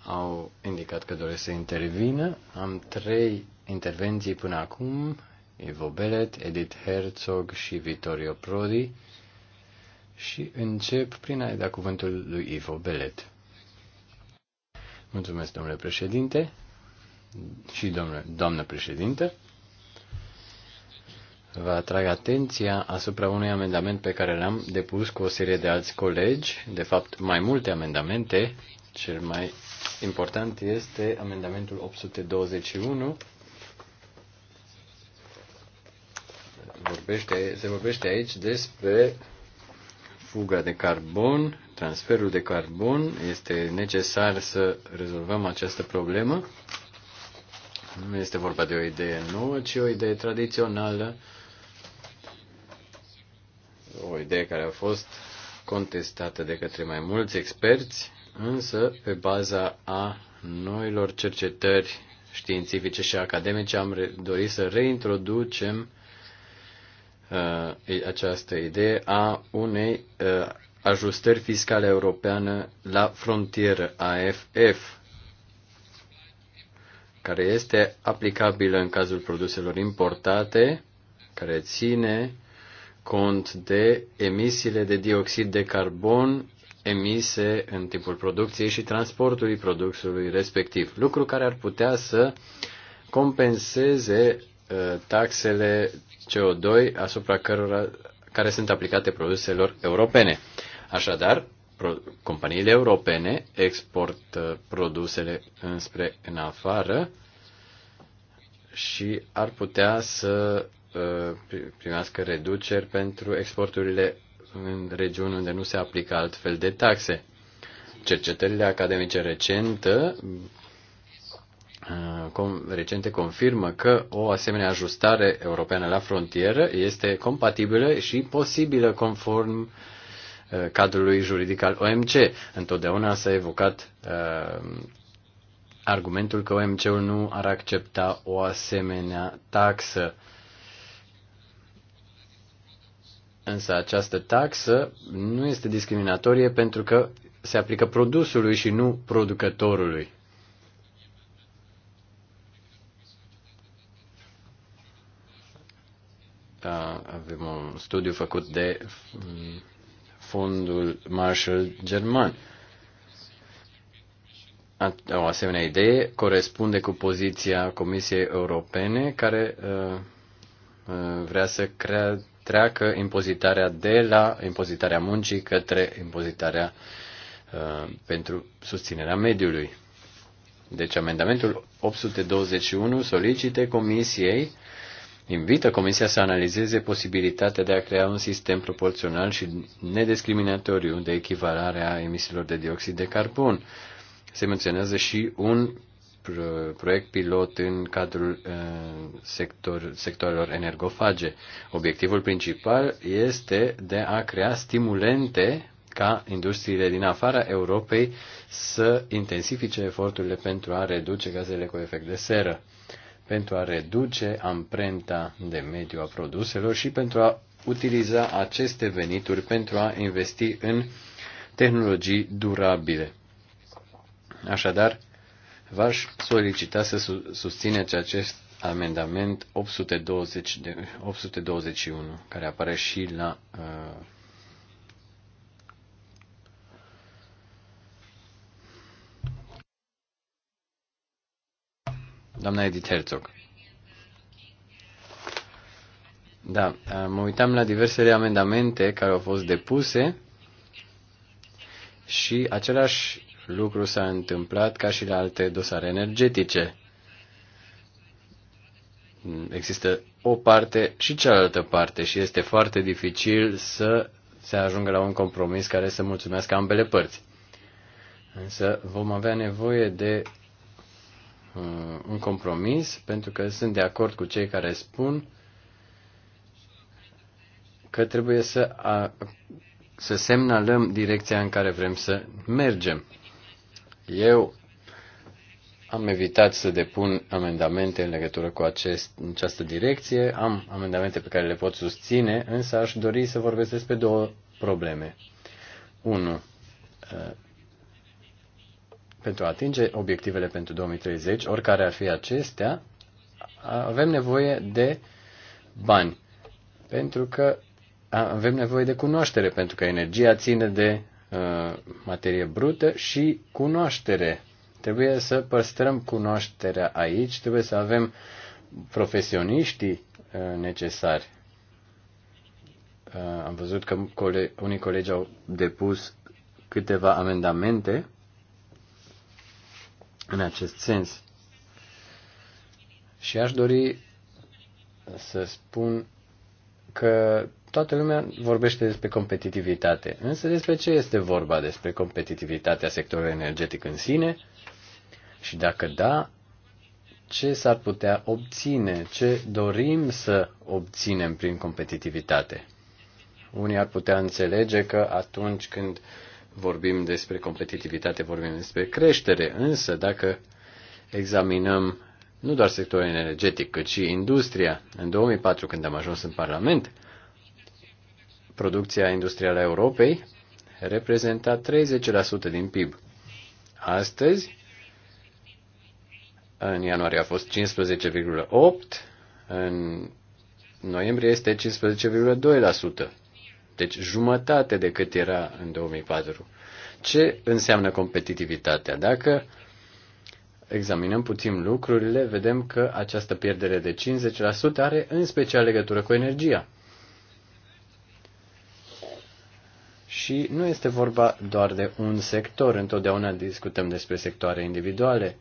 au indicat că doresc să intervină. Am trei intervenții până acum, Ivo Belet, Edith Herzog și Vittorio Prodi și încep prin a da cuvântul lui Ivo Belet. Mulțumesc, domnule președinte și domnule, doamnă președinte. Vă atrag atenția asupra unui amendament pe care l-am depus cu o serie de alți colegi, de fapt mai multe amendamente, cel mai important este amendamentul 821 vorbește, se vorbește aici despre fuga de carbon, transferul de carbon. Este necesar să rezolvăm această problemă. Nu este vorba de o idee nouă, ci o idee tradițională, o idee care a fost contestată de către mai mulți experți, însă pe baza a noilor cercetări științifice și academice am dorit să reintroducem Uh, această idee a unei uh, ajustări fiscale europeană la frontieră AFF, care este aplicabilă în cazul produselor importate, care ține cont de emisiile de dioxid de carbon emise în timpul producției și transportului produsului respectiv, lucru care ar putea să compenseze uh, taxele CO2 asupra cărora, care sunt aplicate produselor europene. Așadar, pro, companiile europene exportă produsele înspre în afară și ar putea să uh, primească reduceri pentru exporturile în regiuni unde nu se aplică altfel de taxe. Cercetările academice recente Uh, recente confirmă că o asemenea ajustare europeană la frontieră este compatibilă și posibilă conform uh, cadrului juridic al OMC. Întotdeauna s-a evocat uh, argumentul că OMC-ul nu ar accepta o asemenea taxă. Însă această taxă nu este discriminatorie pentru că se aplică produsului și nu producătorului. Da, avem un studiu făcut de mm, fondul Marshall German. O asemenea idee corespunde cu poziția Comisiei Europene care uh, uh, vrea să crea, treacă impozitarea de la impozitarea muncii către impozitarea uh, pentru susținerea mediului. Deci amendamentul 821 solicite Comisiei uh, invită Comisia să analizeze posibilitatea de a crea un sistem proporțional și nediscriminatoriu de echivalare a emisiilor de dioxid de carbon. Se menționează și un proiect pilot în cadrul uh, sector, sectorilor energofage. Obiectivul principal este de a crea stimulente ca industriile din afara Europei să intensifice eforturile pentru a reduce gazele cu efect de seră pentru a reduce amprenta de mediu a produselor și pentru a utiliza aceste venituri pentru a investi în tehnologii durabile. Așadar, v-aș solicita să susțineți acest amendament 820 de, 821, care apare și la uh, Doamna Edith Herzog. Da, mă uitam la diversele amendamente care au fost depuse și același lucru s-a întâmplat ca și la alte dosare energetice. Există o parte și cealaltă parte și este foarte dificil să se ajungă la un compromis care să mulțumească ambele părți. Însă vom avea nevoie de un compromis, pentru că sunt de acord cu cei care spun că trebuie să, a, să semnalăm direcția în care vrem să mergem. Eu am evitat să depun amendamente în legătură cu acest, această direcție, am amendamente pe care le pot susține, însă aș dori să vorbesc despre două probleme. 1. Pentru a atinge obiectivele pentru 2030, oricare ar fi acestea, avem nevoie de bani. Pentru că avem nevoie de cunoaștere, pentru că energia ține de uh, materie brută și cunoaștere. Trebuie să păstrăm cunoașterea aici, trebuie să avem profesioniștii uh, necesari. Uh, am văzut că cole- unii colegi au depus câteva amendamente în acest sens. Și aș dori să spun că toată lumea vorbește despre competitivitate. Însă despre ce este vorba? Despre competitivitatea sectorului energetic în sine? Și dacă da, ce s-ar putea obține? Ce dorim să obținem prin competitivitate? Unii ar putea înțelege că atunci când uh, vorbim despre competitivitate, vorbim despre creștere, însă dacă examinăm nu doar sectorul energetic, cât și industria, în 2004 când am ajuns în Parlament, producția industrială a Europei reprezenta 30% din PIB. Astăzi, în ianuarie a fost 15,8%, în noiembrie este deci jumătate de cât era în 2004. Ce înseamnă competitivitatea? Dacă examinăm puțin lucrurile, vedem că această pierdere de 50% are în special legătură cu energia. Și nu este vorba doar de un sector, întotdeauna discutăm despre sectoare individuale.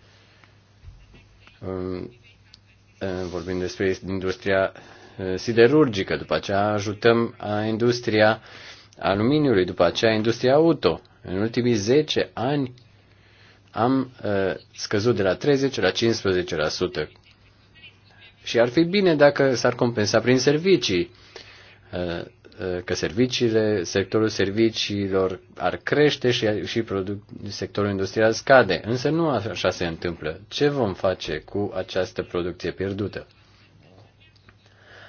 Vorbim despre industria Eh, siderurgică, după aceea ajutăm industria aluminiului, după aceea industria auto. În ultimii 10 ani am eh, scăzut de la 30 la 15%. Și ar fi bine dacă s-ar compensa prin servicii, eh, că serviciile, sectorul serviciilor ar crește și, și produc, sectorul industrial scade. Însă nu așa se întâmplă. Ce vom face cu această producție pierdută?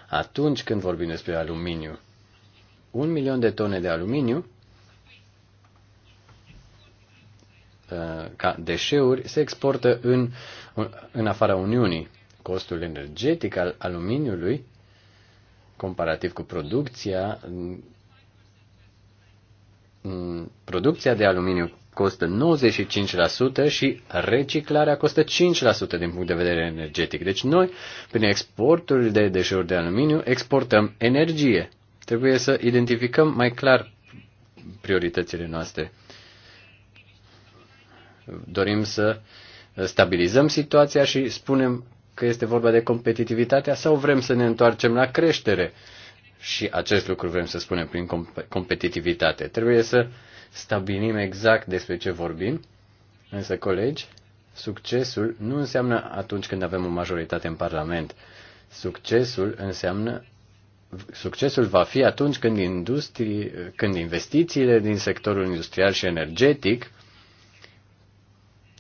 atunci când vorbim despre aluminiu. Un milion de tone de aluminiu uh, ca deșeuri se exportă în, în afara Uniunii. Costul energetic al aluminiului, comparativ cu producția, mm, producția de aluminiu costă 95% și reciclarea costă 5% din punct de vedere energetic. Deci noi, prin exportul de deșeuri de aluminiu, exportăm energie. Trebuie să identificăm mai clar prioritățile noastre. Dorim să stabilizăm situația și spunem că este vorba de competitivitatea sau vrem să ne întoarcem la creștere? Și acest lucru vrem să spunem prin competitivitate. Trebuie să uh, stabilim exact despre ce vorbim, însă, colegi, succesul nu înseamnă atunci când avem o majoritate în Parlament. Succesul înseamnă succesul va fi atunci când, industrie, când investițiile din sectorul industrial și energetic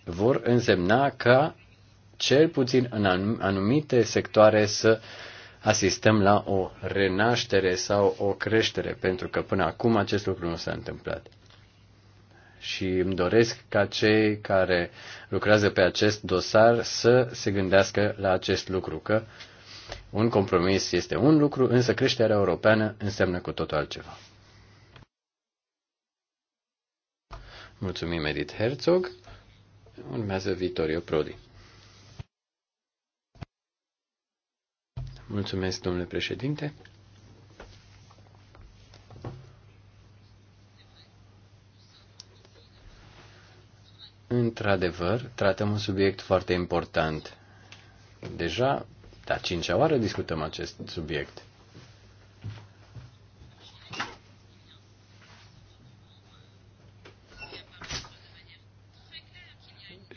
vor însemna ca cel puțin în anumite sectoare să asistăm la o renaștere sau o creștere, pentru că până acum acest lucru nu s-a întâmplat și îmi doresc ca cei care lucrează pe acest dosar să se gândească la acest lucru, că un compromis este un lucru, însă creșterea europeană înseamnă cu totul altceva. Mulțumim, Edith Herzog. Urmează Vittorio Prodi. Mulțumesc, domnule președinte. Într-adevăr, tratăm un subiect foarte important. Deja, la cincea oară discutăm acest subiect.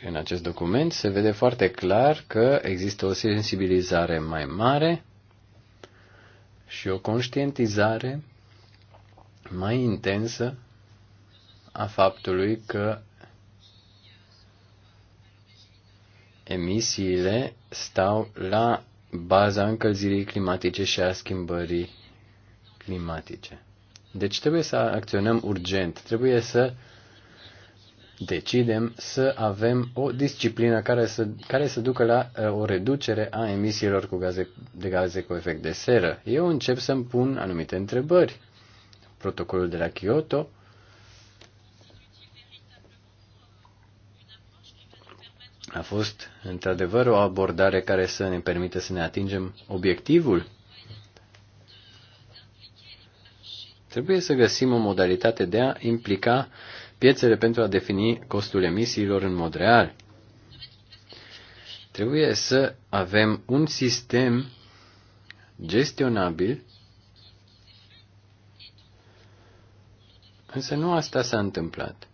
În acest document se vede foarte clar că există o sensibilizare mai mare și o conștientizare mai intensă a faptului că emisiile stau la baza încălzirii climatice și a schimbării climatice. Deci trebuie să acționăm urgent, trebuie să decidem să avem o disciplină care să, care să ducă la uh, o reducere a emisiilor cu gaze, de gaze cu efect de seră. Eu încep să-mi pun anumite întrebări. Protocolul de la Kyoto a fost într-adevăr o abordare care să ne permită să ne atingem obiectivul. Trebuie să găsim o modalitate de a implica piețele pentru a defini costul emisiilor în mod real. Trebuie să avem un sistem gestionabil, însă nu asta s-a întâmplat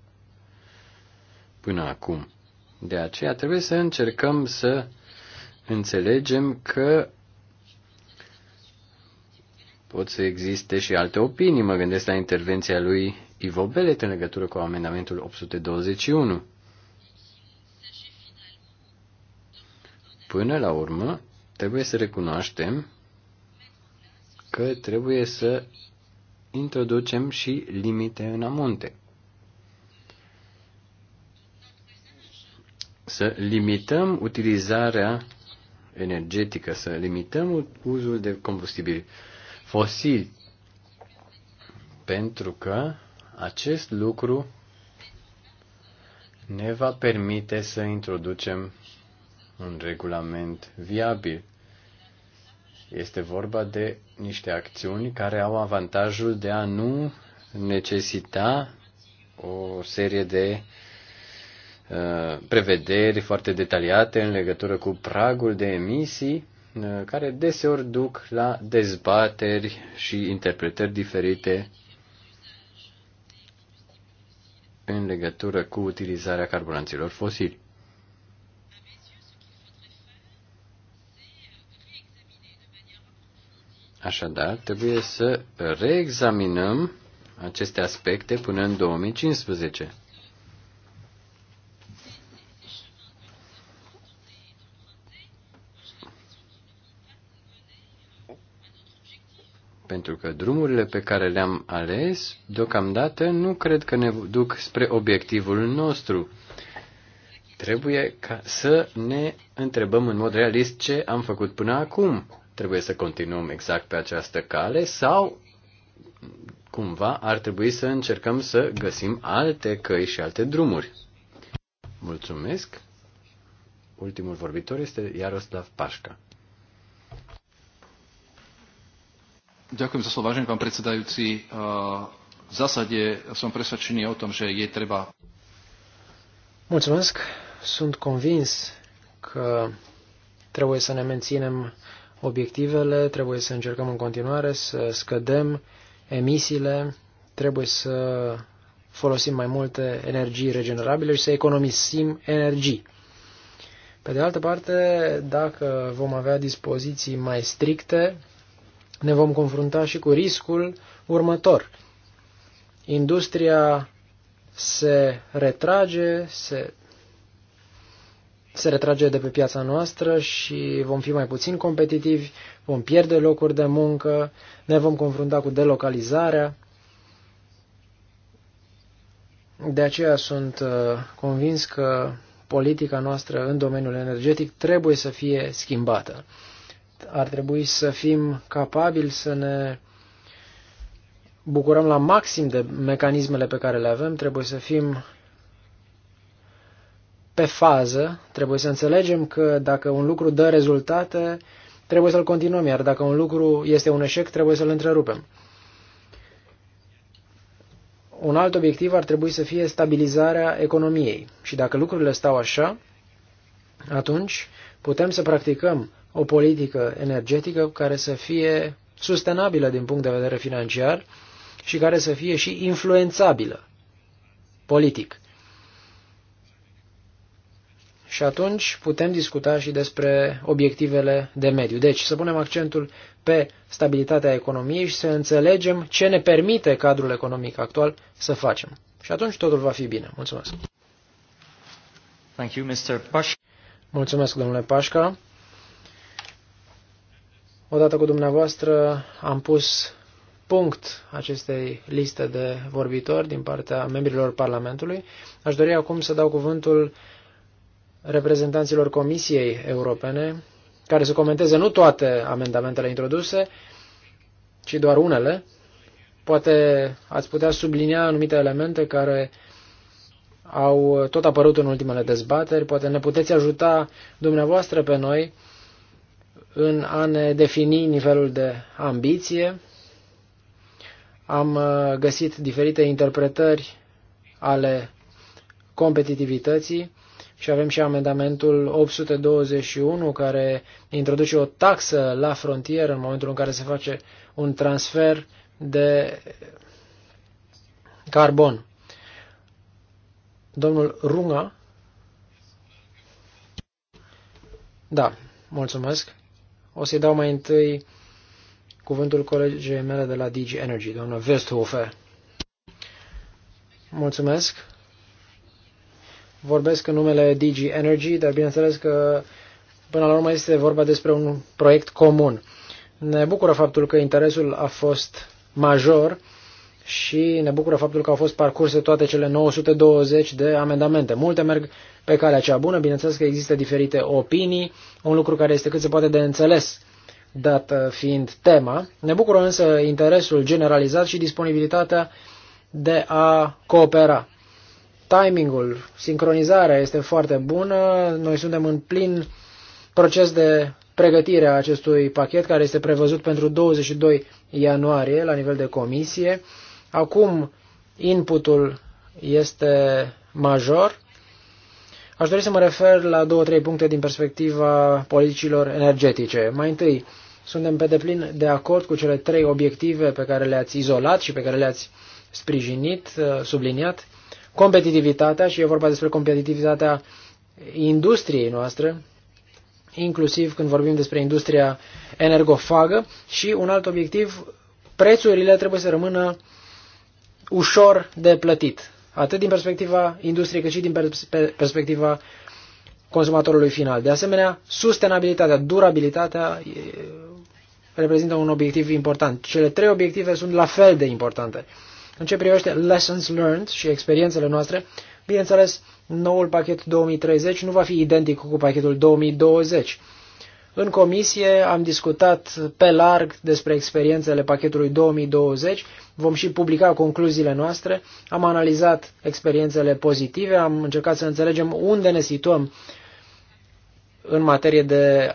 până acum. De aceea trebuie să încercăm să înțelegem că pot să existe și alte opinii. Mă gândesc la intervenția lui Ivo Belet în legătură cu amendamentul 821. Până la urmă, trebuie să recunoaștem că trebuie să introducem și limite în amonte. să limităm utilizarea energetică, să limităm uzul de combustibili fosili, pentru că acest lucru ne va permite să introducem un regulament viabil. Este vorba de niște acțiuni care au avantajul de a nu necesita o serie de Uh, prevederi foarte detaliate în legătură cu pragul de emisii, uh, care deseori duc la dezbateri și interpretări diferite în legătură cu utilizarea carburanților fosili. Așadar, trebuie să reexaminăm aceste aspecte până în 2015. Pentru că drumurile pe care le-am ales, deocamdată, nu cred că ne duc spre obiectivul nostru. Trebuie ca să ne întrebăm în mod realist ce am făcut până acum. Trebuie să continuăm exact pe această cale sau cumva ar trebui să încercăm să găsim alte căi și alte drumuri. Mulțumesc! Ultimul vorbitor este Iaroslav Pașca. Ďakujem za slovo, vážený pán predsedajúci. V zásade som presvedčený o tom, že je treba... Mulțumesc. Sunt convins că trebuie să ne menținem obiectivele, trebuie să încercăm în continuare să scădem emisiile, trebuie să folosim mai multe energii regenerabile și să economisim energii. Pe de altă parte, dacă vom avea dispoziții mai stricte, ne vom confrunta și cu riscul următor. Industria se retrage, se, se retrage de pe piața noastră și vom fi mai puțin competitivi, vom pierde locuri de muncă, ne vom confrunta cu delocalizarea. De aceea sunt uh, convins că politica noastră în domeniul energetic trebuie să fie schimbată ar trebui să fim capabili să ne bucurăm la maxim de mecanismele pe care le avem, trebuie să fim pe fază, trebuie să înțelegem că dacă un lucru dă rezultate, trebuie să-l continuăm, iar dacă un lucru este un eșec, trebuie să-l întrerupem. Un alt obiectiv ar trebui să fie stabilizarea economiei. Și dacă lucrurile stau așa, atunci putem să practicăm o politică energetică care să fie sustenabilă din punct de vedere financiar și care să fie și influențabilă politic. Și atunci putem discuta și despre obiectivele de mediu. Deci să punem accentul pe stabilitatea economiei și să înțelegem ce ne permite cadrul economic actual să facem. Și atunci totul va fi bine. Mulțumesc. Thank you, Mr. Mulțumesc, domnule Pașca. Odată cu dumneavoastră am pus punct acestei liste de vorbitori din partea membrilor Parlamentului. Aș dori acum să dau cuvântul reprezentanților Comisiei Europene, care să comenteze nu toate amendamentele introduse, ci doar unele. Poate ați putea sublinia anumite elemente care au tot apărut în ultimele dezbateri, poate ne puteți ajuta dumneavoastră pe noi în a ne defini nivelul de ambiție. Am uh, găsit diferite interpretări ale competitivității și avem și amendamentul 821 care introduce o taxă la frontieră în momentul în care se face un transfer de carbon. Domnul Runga. Da, mulțumesc. O să-i dau mai întâi cuvântul colegii mele de la DG Energy, doamna Westhofer. Mulțumesc. Vorbesc în numele DG Energy, dar bineînțeles că până la urmă este vorba despre un proiect comun. Ne bucură faptul că interesul a fost major și ne bucură faptul că au fost parcurse toate cele 920 de amendamente. Multe merg pe calea cea bună, bineînțeles că există diferite opinii, un lucru care este cât se poate de înțeles dat fiind tema. Ne bucură însă interesul generalizat și disponibilitatea de a coopera. Timingul, sincronizarea este foarte bună, noi suntem în plin proces de pregătire a acestui pachet care este prevăzut pentru 22 ianuarie la nivel de comisie. Acum inputul este major. Aș dori să mă refer la două, trei puncte din perspectiva politicilor energetice. Mai întâi, suntem pe deplin de acord cu cele trei obiective pe care le-ați izolat și pe care le-ați sprijinit, subliniat. Competitivitatea, și e vorba despre competitivitatea industriei noastre, inclusiv când vorbim despre industria energofagă, și un alt obiectiv, prețurile trebuie să rămână ușor de plătit, atât din perspectiva industriei, cât și din perspectiva consumatorului final. De asemenea, sustenabilitatea, durabilitatea reprezintă un obiectiv important. Cele trei obiective sunt la fel de importante. În ce privește lessons learned și experiențele noastre, bineînțeles, noul pachet 2030 nu va fi identic cu pachetul 2020. În comisie am discutat pe larg despre experiențele pachetului 2020, vom și publica concluziile noastre, am analizat experiențele pozitive, am încercat să înțelegem unde ne situăm în materie de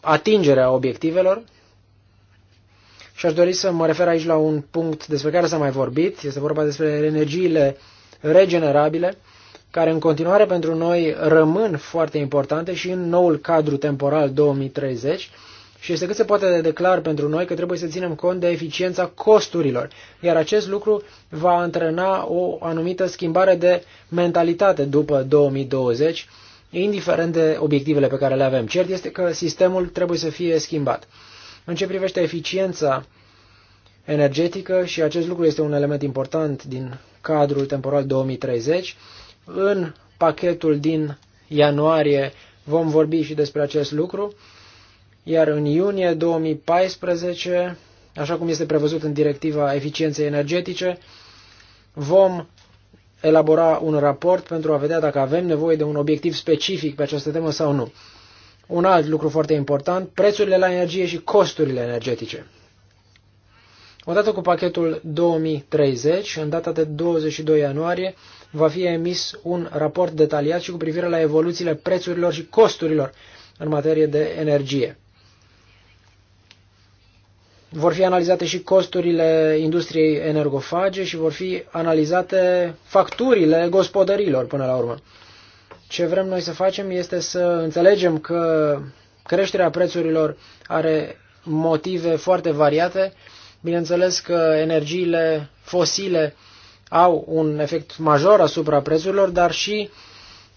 atingerea obiectivelor. Și aș dori să mă refer aici la un punct despre care s-a mai vorbit, este vorba despre energiile regenerabile care în continuare pentru noi rămân foarte importante și în noul cadru temporal 2030 și este cât se poate de declar pentru noi că trebuie să ținem cont de eficiența costurilor, iar acest lucru va antrena o anumită schimbare de mentalitate după 2020, indiferent de obiectivele pe care le avem. Cert este că sistemul trebuie să fie schimbat. În ce privește eficiența energetică, și acest lucru este un element important din cadrul temporal 2030, în pachetul din ianuarie vom vorbi și despre acest lucru, iar în iunie 2014, așa cum este prevăzut în directiva eficienței energetice, vom elabora un raport pentru a vedea dacă avem nevoie de un obiectiv specific pe această temă sau nu. Un alt lucru foarte important, prețurile la energie și costurile energetice. Odată cu pachetul 2030, în data de 22 ianuarie, va fi emis un raport detaliat și cu privire la evoluțiile prețurilor și costurilor în materie de energie. Vor fi analizate și costurile industriei energofage și vor fi analizate facturile gospodărilor până la urmă. Ce vrem noi să facem este să înțelegem că creșterea prețurilor are motive foarte variate Bineînțeles că energiile fosile au un efect major asupra prețurilor, dar și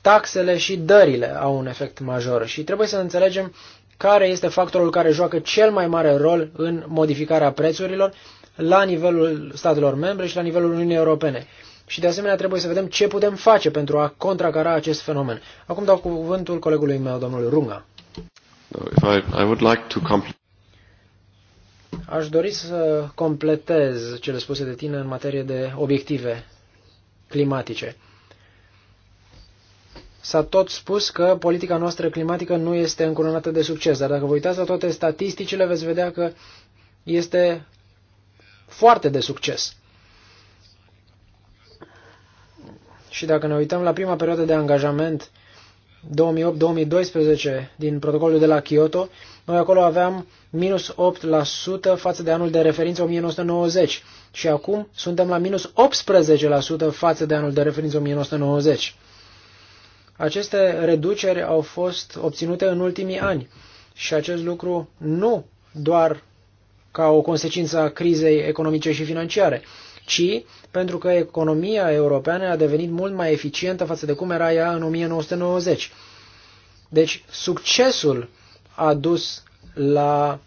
taxele și dările au un efect major și trebuie să înțelegem care este factorul care joacă cel mai mare rol în modificarea prețurilor la nivelul statelor membre și la nivelul Uniunii Europene. Și de asemenea trebuie să vedem ce putem face pentru a contracara acest fenomen. Acum dau cuvântul colegului meu, domnul Runga. I, I would like to Aș dori să completez cele spuse de tine în materie de obiective climatice. S-a tot spus că politica noastră climatică nu este încurunată de succes, dar dacă vă uitați la toate statisticile, veți vedea că este foarte de succes. Și dacă ne uităm la prima perioadă de angajament 2008-2012 din protocolul de la Kyoto, noi acolo aveam minus 8% față de anul de referință 1990 și acum suntem la minus 18% față de anul de referință 1990. Aceste reduceri au fost obținute în ultimii ani și acest lucru nu doar ca o consecință a crizei economice și financiare, ci pentru că economia europeană a devenit mult mai eficientă față de cum era ea în 1990. Deci succesul a dus la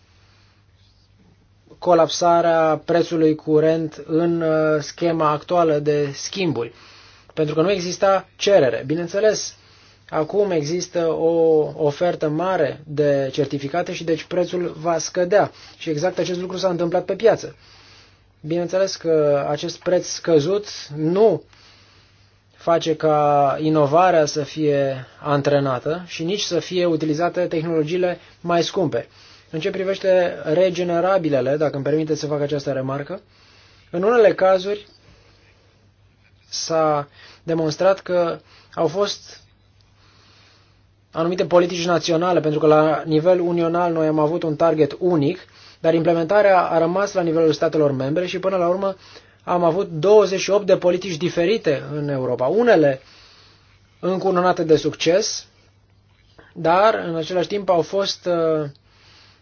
colapsarea prețului curent în uh, schema actuală de schimburi, pentru că nu exista cerere. Bineînțeles, acum există o ofertă mare de certificate și deci prețul va scădea și exact acest lucru s-a întâmplat pe piață. Bineînțeles că acest preț scăzut nu face ca inovarea să fie antrenată și nici să fie utilizate tehnologiile mai scumpe. În ce privește regenerabilele, dacă îmi permite să fac această remarcă, în unele cazuri s-a demonstrat că au fost anumite politici naționale, pentru că la nivel unional noi am avut un target unic dar implementarea a rămas la nivelul statelor membre și până la urmă am avut 28 de politici diferite în Europa. Unele încununate de succes, dar în același timp au fost uh,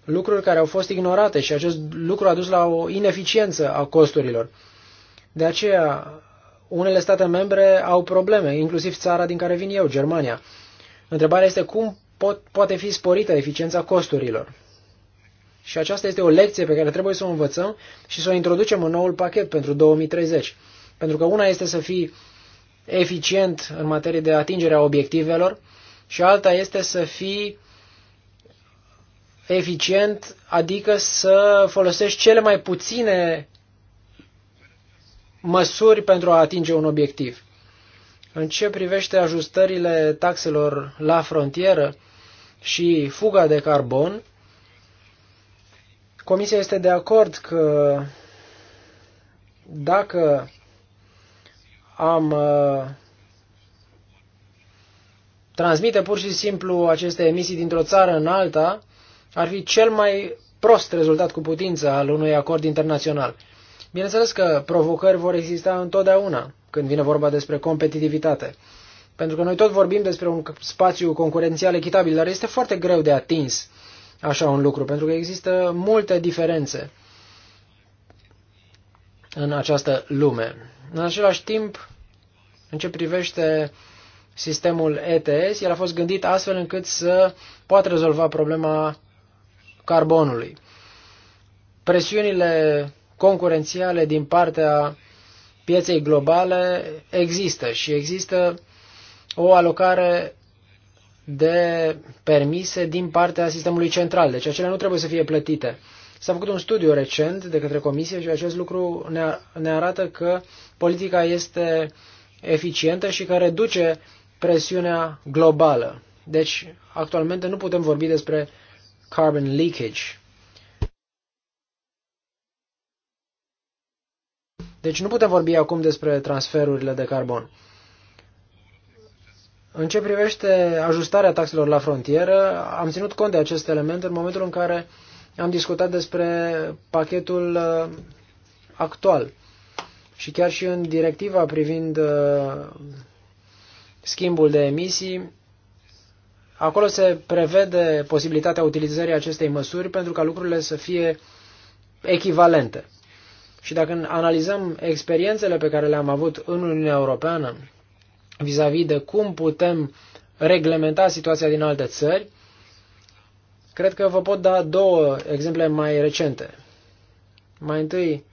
lucruri care au fost ignorate și acest lucru a dus la o ineficiență a costurilor. De aceea, unele state membre au probleme, inclusiv țara din care vin eu, Germania. Întrebarea este cum pot, poate fi sporită eficiența costurilor. Și aceasta este o lecție pe care trebuie să o învățăm și să o introducem în noul pachet pentru 2030. Pentru că una este să fii eficient în materie de atingerea obiectivelor și alta este să fii eficient, adică să folosești cele mai puține măsuri pentru a atinge un obiectiv. În ce privește ajustările taxelor la frontieră și fuga de carbon, Comisia este de acord că dacă am uh, transmite pur și simplu aceste emisii dintr-o țară în alta, ar fi cel mai prost rezultat cu putință al unui acord internațional. Bineînțeles că provocări vor exista întotdeauna când vine vorba despre competitivitate. Pentru că noi tot vorbim despre un spațiu concurențial echitabil, dar este foarte greu de atins așa un lucru, pentru că există multe diferențe în această lume. În același timp, în ce privește sistemul ETS, el a fost gândit astfel încât să poată rezolva problema carbonului. Presiunile concurențiale din partea pieței globale există și există o alocare de permise din partea sistemului central, deci acelea nu trebuie să fie plătite. S-a făcut un studiu recent de către comisie și acest lucru ne, ne arată că politica este eficientă și că reduce presiunea globală. Deci, actualmente nu putem vorbi despre carbon leakage. Deci nu putem vorbi acum despre transferurile de carbon. În ce privește ajustarea taxelor la frontieră, am ținut cont de acest element în momentul în care am discutat despre pachetul uh, actual. Și chiar și în directiva privind uh, schimbul de emisii, acolo se prevede posibilitatea utilizării acestei măsuri pentru ca lucrurile să fie echivalente. Și dacă analizăm experiențele pe care le-am avut în Uniunea Europeană vis-a-vis -vis de cum putem reglementa situația din alte țări, cred că vă pot da două exemple mai recente. Mai întâi,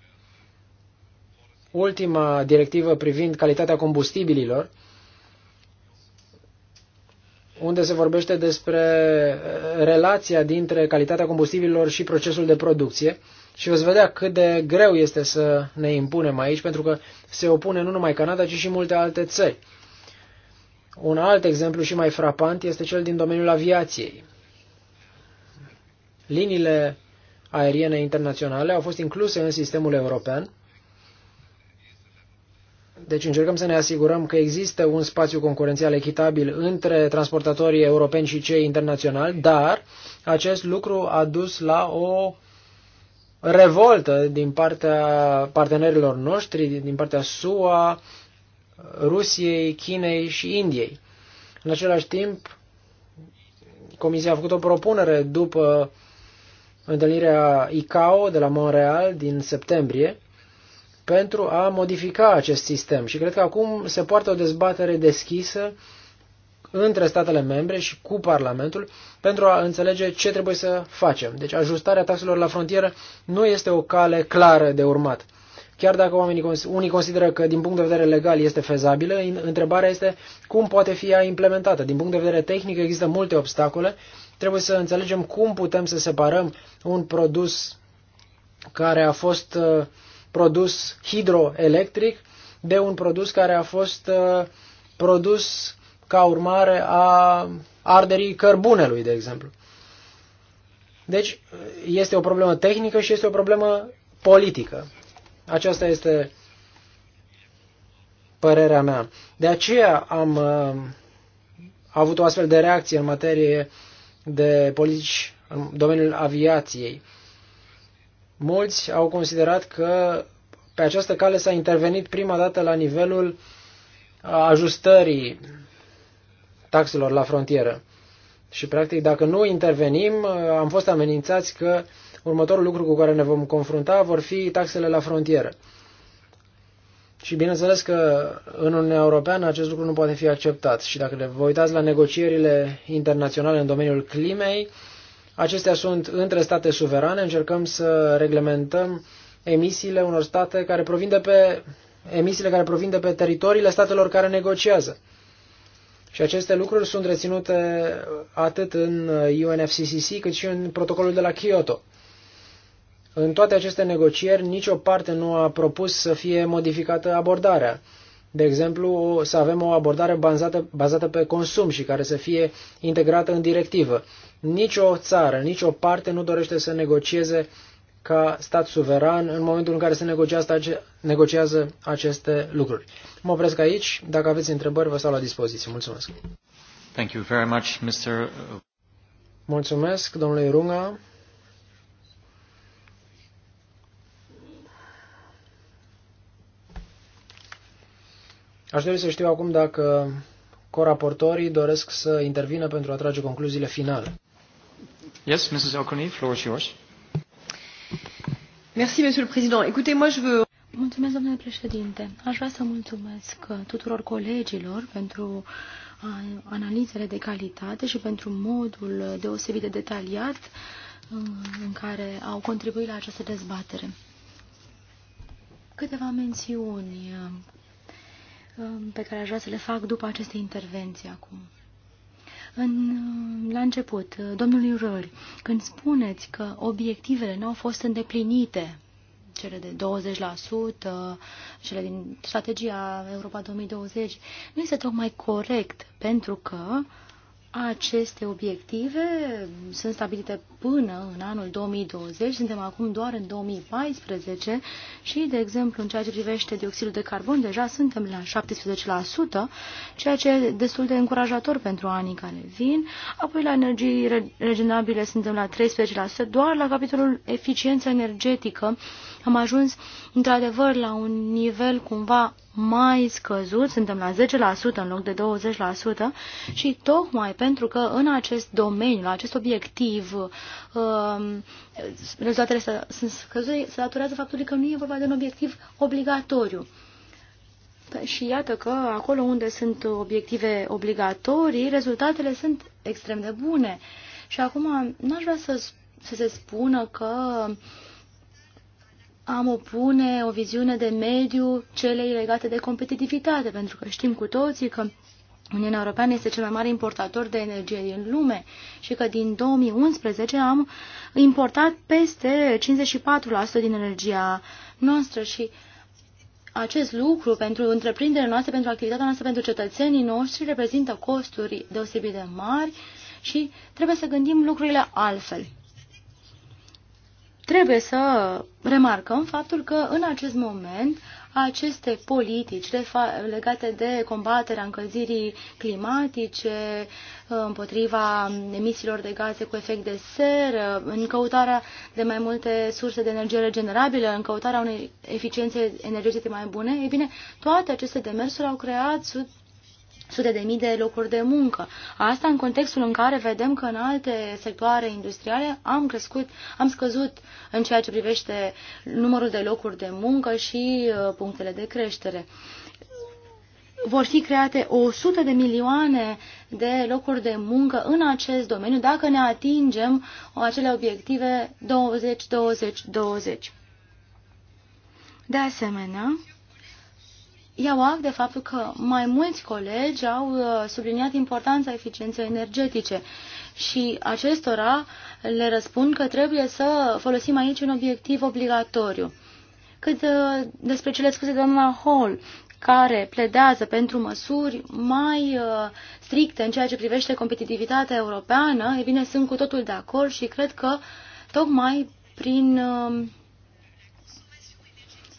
ultima directivă privind calitatea combustibililor, unde se vorbește despre eh, relația dintre calitatea combustibililor și procesul de producție. Și veți vedea cât de greu este să ne impunem aici, pentru că se opune nu numai Canada, ci și multe alte țări. Un alt exemplu și mai frapant este cel din domeniul aviației. Liniile aeriene internaționale au fost incluse în sistemul european, deci încercăm să ne asigurăm că există un spațiu concurențial echitabil între transportatorii europeni și cei internaționali, dar acest lucru a dus la o revoltă din partea partenerilor noștri, din partea SUA, Rusiei, Chinei și Indiei. În același timp, Comisia a făcut o propunere după întâlnirea ICAO de la Montreal din septembrie pentru a modifica acest sistem și cred că acum se poartă o dezbatere deschisă între statele membre și cu Parlamentul pentru a înțelege ce trebuie să facem. Deci ajustarea taxelor la frontieră nu este o cale clară de urmat. Chiar dacă oamenii, unii consideră că din punct de vedere legal este fezabilă, întrebarea este cum poate fi ea implementată. Din punct de vedere tehnic există multe obstacole. Trebuie să înțelegem cum putem să separăm un produs care a fost uh, produs hidroelectric de un produs care a fost uh, produs ca urmare a arderii cărbunelui, de exemplu. Deci, este o problemă tehnică și este o problemă politică. Aceasta este părerea mea. De aceea am uh, avut o astfel de reacție în materie de politici în domeniul aviației. Mulți au considerat că pe această cale s-a intervenit prima dată la nivelul ajustării taxelor la frontieră. Și, practic, dacă nu intervenim, am fost amenințați că următorul lucru cu care ne vom confrunta vor fi taxele la frontieră. Și bineînțeles că în Uniunea Europeană acest lucru nu poate fi acceptat. Și dacă vă uitați la negocierile internaționale în domeniul climei, acestea sunt între state suverane. Încercăm să reglementăm emisiile unor state care provin de pe emisiile care provin de pe teritoriile statelor care negociază. Și aceste lucruri sunt reținute atât în UNFCCC uh, cât și în protocolul de la Kyoto. În toate aceste negocieri, nicio parte nu a propus să fie modificată abordarea. De exemplu, să avem o abordare bazată, bazată pe consum și care să fie integrată în directivă. Nicio țară, nicio parte nu dorește să negocieze ca stat suveran în momentul în care se negociază, negociază aceste lucruri. Mă opresc aici. Dacă aveți întrebări, vă stau la dispoziție. Mulțumesc. Thank you very much, Mr. Mulțumesc, domnule Runga. Aș dori să știu acum dacă coraportorii doresc să intervină pentru a trage concluziile finale. Yes, Mrs. Alconi, floor is yours. Merci, Monsieur le Président. Écoutez, moi je veux... Mulțumesc, domnule președinte. Aș vrea să mulțumesc uh, tuturor colegilor pentru uh, analizele de calitate și pentru modul deosebit de detaliat uh, în care au contribuit la această dezbatere. Câteva mențiuni Um, pe care aș vrea să le fac după aceste intervenții acum. În, um, la început, uh, domnului Rări, când spuneți că obiectivele nu au fost îndeplinite, cele de 20%, cele din strategia Europa 2020, nu este tocmai corect, pentru că aceste obiective sunt stabilite până în anul 2020, suntem acum doar în 2014 și, de exemplu, în ceea ce privește dioxidul de carbon, deja suntem la 17%, ceea ce e destul de încurajator pentru anii care vin. Apoi, la energii regenerabile suntem la 13%, doar la capitolul eficiență energetică am ajuns într-adevăr la un nivel cumva mai scăzut, suntem la 10% în loc de 20% și tocmai pentru că în acest domeniu, la acest obiectiv, um, rezultatele sunt scăzute, se datorează faptului că nu e vorba de un obiectiv obligatoriu. Da, și iată că acolo unde sunt obiective obligatorii, rezultatele sunt extrem de bune. Și acum n-aș vrea să, să se spună că uh, am opune o viziune de mediu celei legate de competitivitate, pentru că știm cu toții că Uniunea Europeană este cel mai mare importator de energie din lume și că din 2011 am importat peste 54% din energia noastră și acest lucru pentru întreprinderea noastre, pentru activitatea noastră, pentru cetățenii noștri reprezintă costuri deosebit de mari și trebuie să gândim lucrurile altfel. Trebuie să remarcăm faptul că în acest moment aceste politici legate de combaterea încălzirii climatice, împotriva emisiilor de gaze cu efect de seră, în căutarea de mai multe surse de energie regenerabilă, în căutarea unei eficiențe energetice mai bune, e bine, toate aceste demersuri au creat sute de mii de locuri de muncă. Asta în contextul în care vedem că în alte sectoare industriale am crescut, am scăzut în ceea ce privește numărul de locuri de muncă și uh, punctele de creștere vor fi create 100 de milioane de locuri de muncă în acest domeniu dacă ne atingem acele obiective 20-20-20. De asemenea, iau act de faptul că mai mulți colegi au uh, subliniat importanța eficienței energetice și acestora le răspund că trebuie să folosim aici un obiectiv obligatoriu. Cât uh, despre cele scuze de doamna Hall, care pledează pentru măsuri mai uh, stricte în ceea ce privește competitivitatea europeană, e bine, sunt cu totul de acord și cred că tocmai prin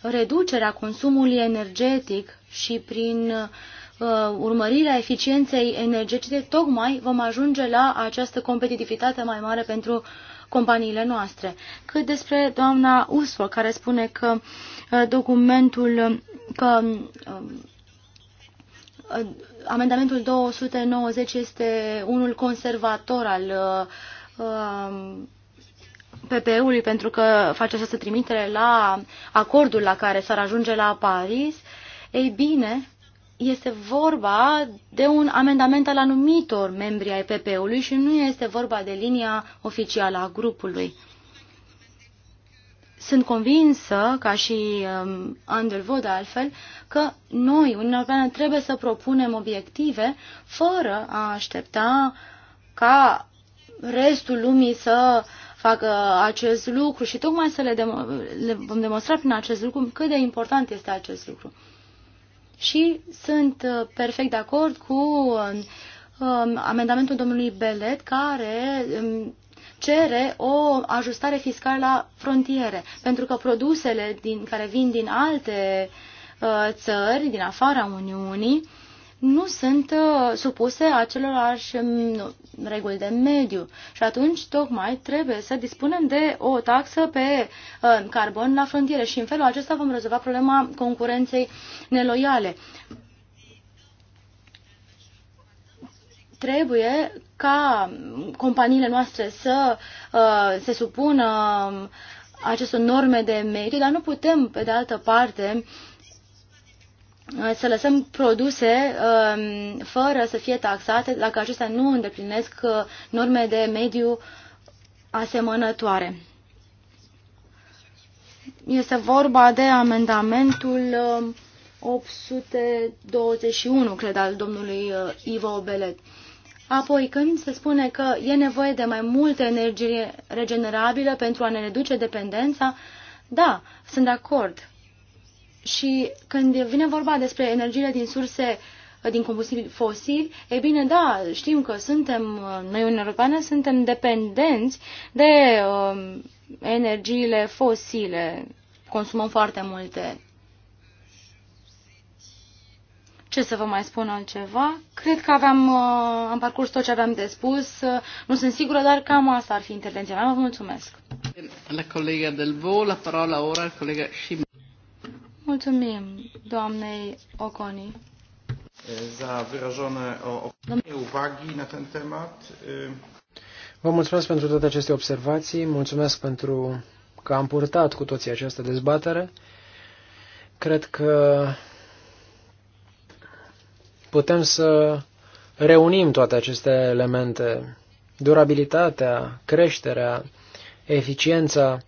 reducerea consumului energetic și prin uh, urmărirea eficienței energetice, tocmai vom ajunge la această competitivitate mai mare pentru companiile noastre. Cât despre doamna Usfor, care spune că uh, documentul, că um, uh, amendamentul 290 este unul conservator al uh, um, PPE-ului pentru că face această trimitere la acordul la care s-ar ajunge la Paris, ei bine, este vorba de un amendament al anumitor membri ai ppe ului și nu este vorba de linia oficială a grupului. Sunt convinsă, ca și um, Andrew Vod altfel, că noi, Uniunea Europeană, trebuie să propunem obiective fără a aștepta ca restul lumii să uh, facă acest lucru și tocmai să le, demo le vom demonstra prin acest lucru cât de important este acest lucru. Și sunt uh, perfect de acord cu um, um, amendamentul domnului Belet care um, cere o ajustare fiscală la frontiere, pentru că produsele din, care vin din alte uh, țări, din afara Uniunii, nu sunt uh, supuse acelorași mm, reguli de mediu. Și atunci, tocmai, trebuie să dispunem de o taxă pe uh, carbon la frontiere și în felul acesta vom rezolva problema concurenței neloiale. Trebuie ca companiile noastre să uh, se supună acestor norme de mediu, dar nu putem, pe de altă parte, să lăsăm produse um, fără să fie taxate dacă acestea nu îndeplinesc uh, norme de mediu asemănătoare. Este vorba de amendamentul 821, um, cred, al domnului uh, Ivo Obelet. Apoi, când se spune că e nevoie de mai multă energie regenerabilă pentru a ne reduce dependența, da, sunt de acord și când vine vorba despre energiile din surse din combustibili fosili, e bine, da, știm că suntem, noi în Europeană, suntem dependenți de um, energiile fosile. Consumăm foarte multe. Ce să vă mai spun altceva? Cred că aveam, uh, am parcurs tot ce aveam de spus. Uh, nu sunt sigură, dar cam asta ar fi intervenția mea. Vă mulțumesc. La colega Delvo, la parola ora colega Șim. Mulțumim doamnei Oconi za wyrażone opinie, uwagi na ten temat. Vă mulțumesc pentru toate aceste observații, mulțumesc pentru că am purtat cu toții această dezbatere. Cred că putem să reunim toate aceste elemente, durabilitatea, creșterea, eficiența,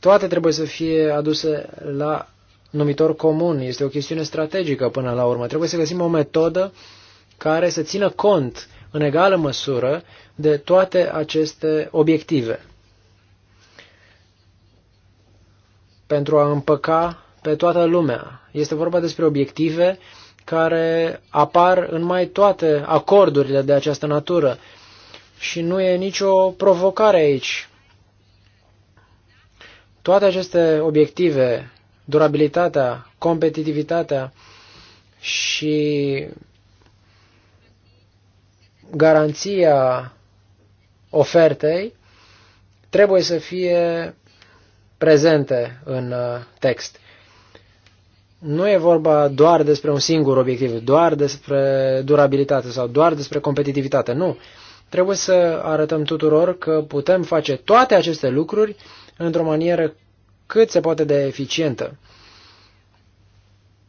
toate trebuie să fie aduse la numitor comun. Este o chestiune strategică până la urmă. Trebuie să găsim o metodă care să țină cont în egală măsură de toate aceste obiective. Pentru a împăca pe toată lumea. Este vorba despre obiective care apar în mai toate acordurile de această natură și nu e nicio provocare aici. Toate aceste obiective durabilitatea, competitivitatea și garanția ofertei trebuie să fie prezente în uh, text. Nu e vorba doar despre un singur obiectiv, doar despre durabilitate sau doar despre competitivitate, nu. Trebuie să arătăm tuturor că putem face toate aceste lucruri într-o manieră cât se poate de eficientă.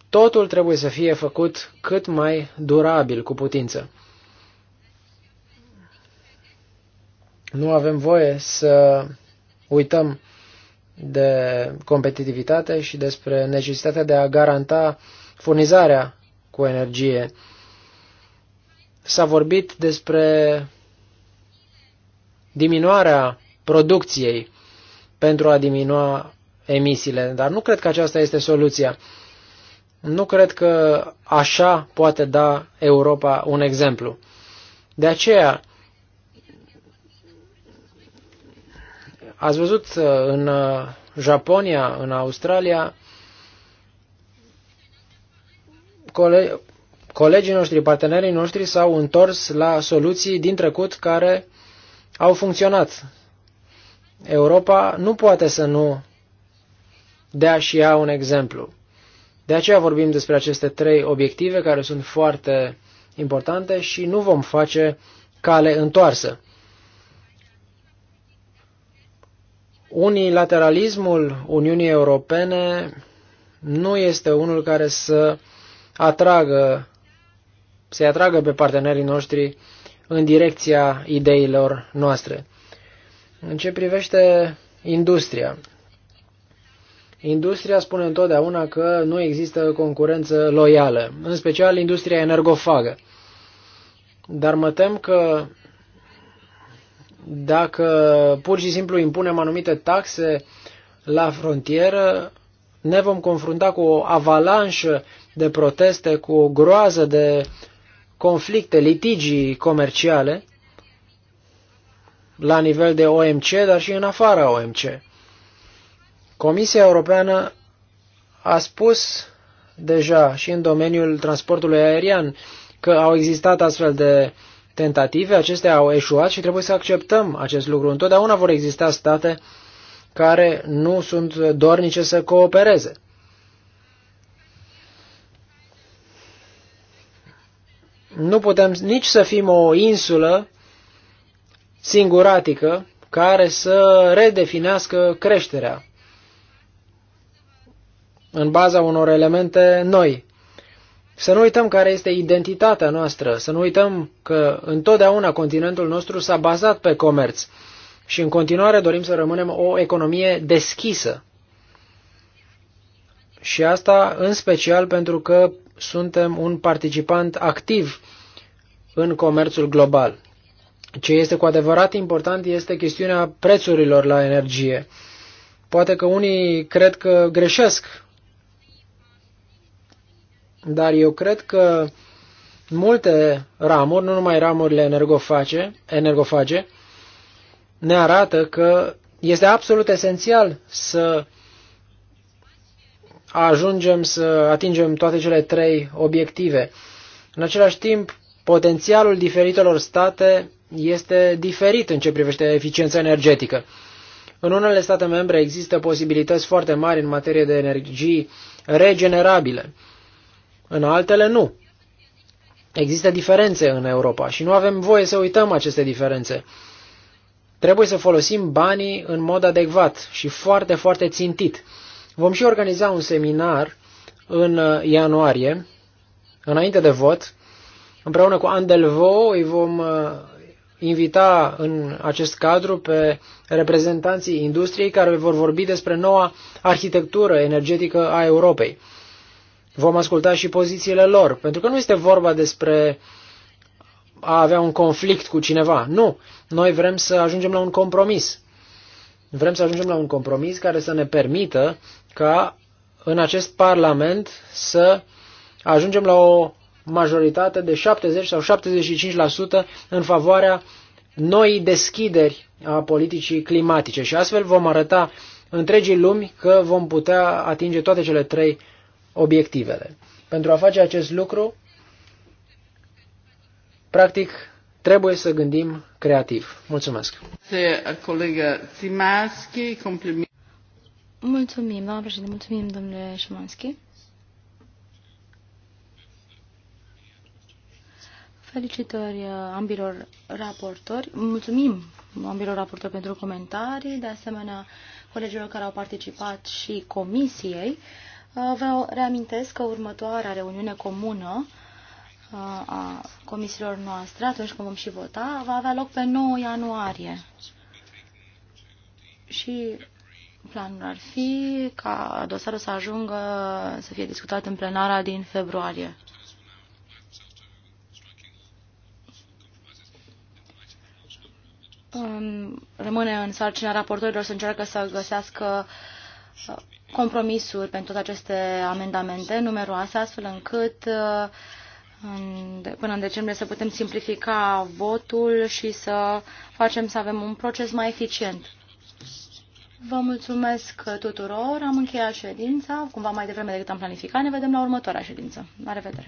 Totul trebuie să fie făcut cât mai durabil cu putință. Nu avem voie să uităm de competitivitate și despre necesitatea de a garanta furnizarea cu energie. S-a vorbit despre diminuarea producției pentru a diminua emisiile, dar nu cred că aceasta este soluția. Nu cred că așa poate da Europa un exemplu. De aceea, ați văzut uh, în uh, Japonia, în Australia, cole- colegii noștri, partenerii noștri s-au întors la soluții din trecut care au funcționat. Europa nu poate să nu de a-și ia un exemplu. De aceea vorbim despre aceste trei obiective care sunt foarte importante și nu vom face cale întoarsă. Unilateralismul Uniunii Europene nu este unul care să atragă, să atragă pe partenerii noștri în direcția ideilor noastre. În ce privește industria, Industria spune întotdeauna că nu există concurență loială, în special industria energofagă. Dar mă tem că dacă pur și simplu impunem anumite taxe la frontieră, ne vom confrunta cu o avalanșă de proteste, cu o groază de conflicte, litigii comerciale la nivel de OMC, dar și în afara OMC. Comisia Europeană a spus deja și în domeniul transportului aerian că au existat astfel de tentative, acestea au eșuat și trebuie să acceptăm acest lucru. Întotdeauna vor exista state care nu sunt dornice să coopereze. Nu putem nici să fim o insulă singuratică care să redefinească creșterea în baza unor elemente noi. Să nu uităm care este identitatea noastră, să nu uităm că întotdeauna continentul nostru s-a bazat pe comerț și în continuare dorim să rămânem o economie deschisă. Și asta în special pentru că suntem un participant activ în comerțul global. Ce este cu adevărat important este chestiunea prețurilor la energie. Poate că unii cred că greșesc dar eu cred că multe ramuri, nu numai ramurile energofage, energofage ne arată că este absolut esențial să ajungem să atingem toate cele trei obiective. În același timp, potențialul diferitelor state este diferit în ce privește eficiența energetică. În unele state membre există posibilități foarte mari în materie de energii regenerabile, în altele nu. Există diferențe în Europa și nu avem voie să uităm aceste diferențe. Trebuie să folosim banii în mod adecvat și foarte, foarte țintit. Vom și organiza un seminar în ianuarie, înainte de vot, împreună cu Andelvo îi vom uh, invita în acest cadru pe reprezentanții industriei care vor vorbi despre noua arhitectură energetică a Europei vom asculta și pozițiile lor, pentru că nu este vorba despre a avea un conflict cu cineva. Nu, noi vrem să ajungem la un compromis. Vrem să ajungem la un compromis care să ne permită ca în acest Parlament să ajungem la o majoritate de 70 sau 75% în favoarea noii deschideri a politicii climatice și astfel vom arăta întregii lumi că vom putea atinge toate cele trei obiectivele. Pentru a face acest lucru, practic, trebuie să gândim creativ. Mulțumesc! compliment. Mulțumim, doamna președinte, mulțumim, domnule Șumanski. Felicitări uh, ambilor raportori. Mulțumim ambilor raportori pentru comentarii, de asemenea colegilor care au participat și comisiei. Vă reamintesc că următoarea reuniune comună uh, a comisiilor noastre, atunci când vom și vota, va avea loc pe 9 ianuarie. Și planul ar fi ca dosarul să ajungă să fie discutat în plenara din februarie. Rămâne în sarcina raportorilor să încearcă să găsească uh, compromisuri pentru toate aceste amendamente numeroase, astfel încât uh, în, până în decembrie să putem simplifica votul și să facem să avem un proces mai eficient. Vă mulțumesc tuturor, am încheiat ședința, cumva mai devreme decât am planificat, ne vedem la următoarea ședință. La revedere!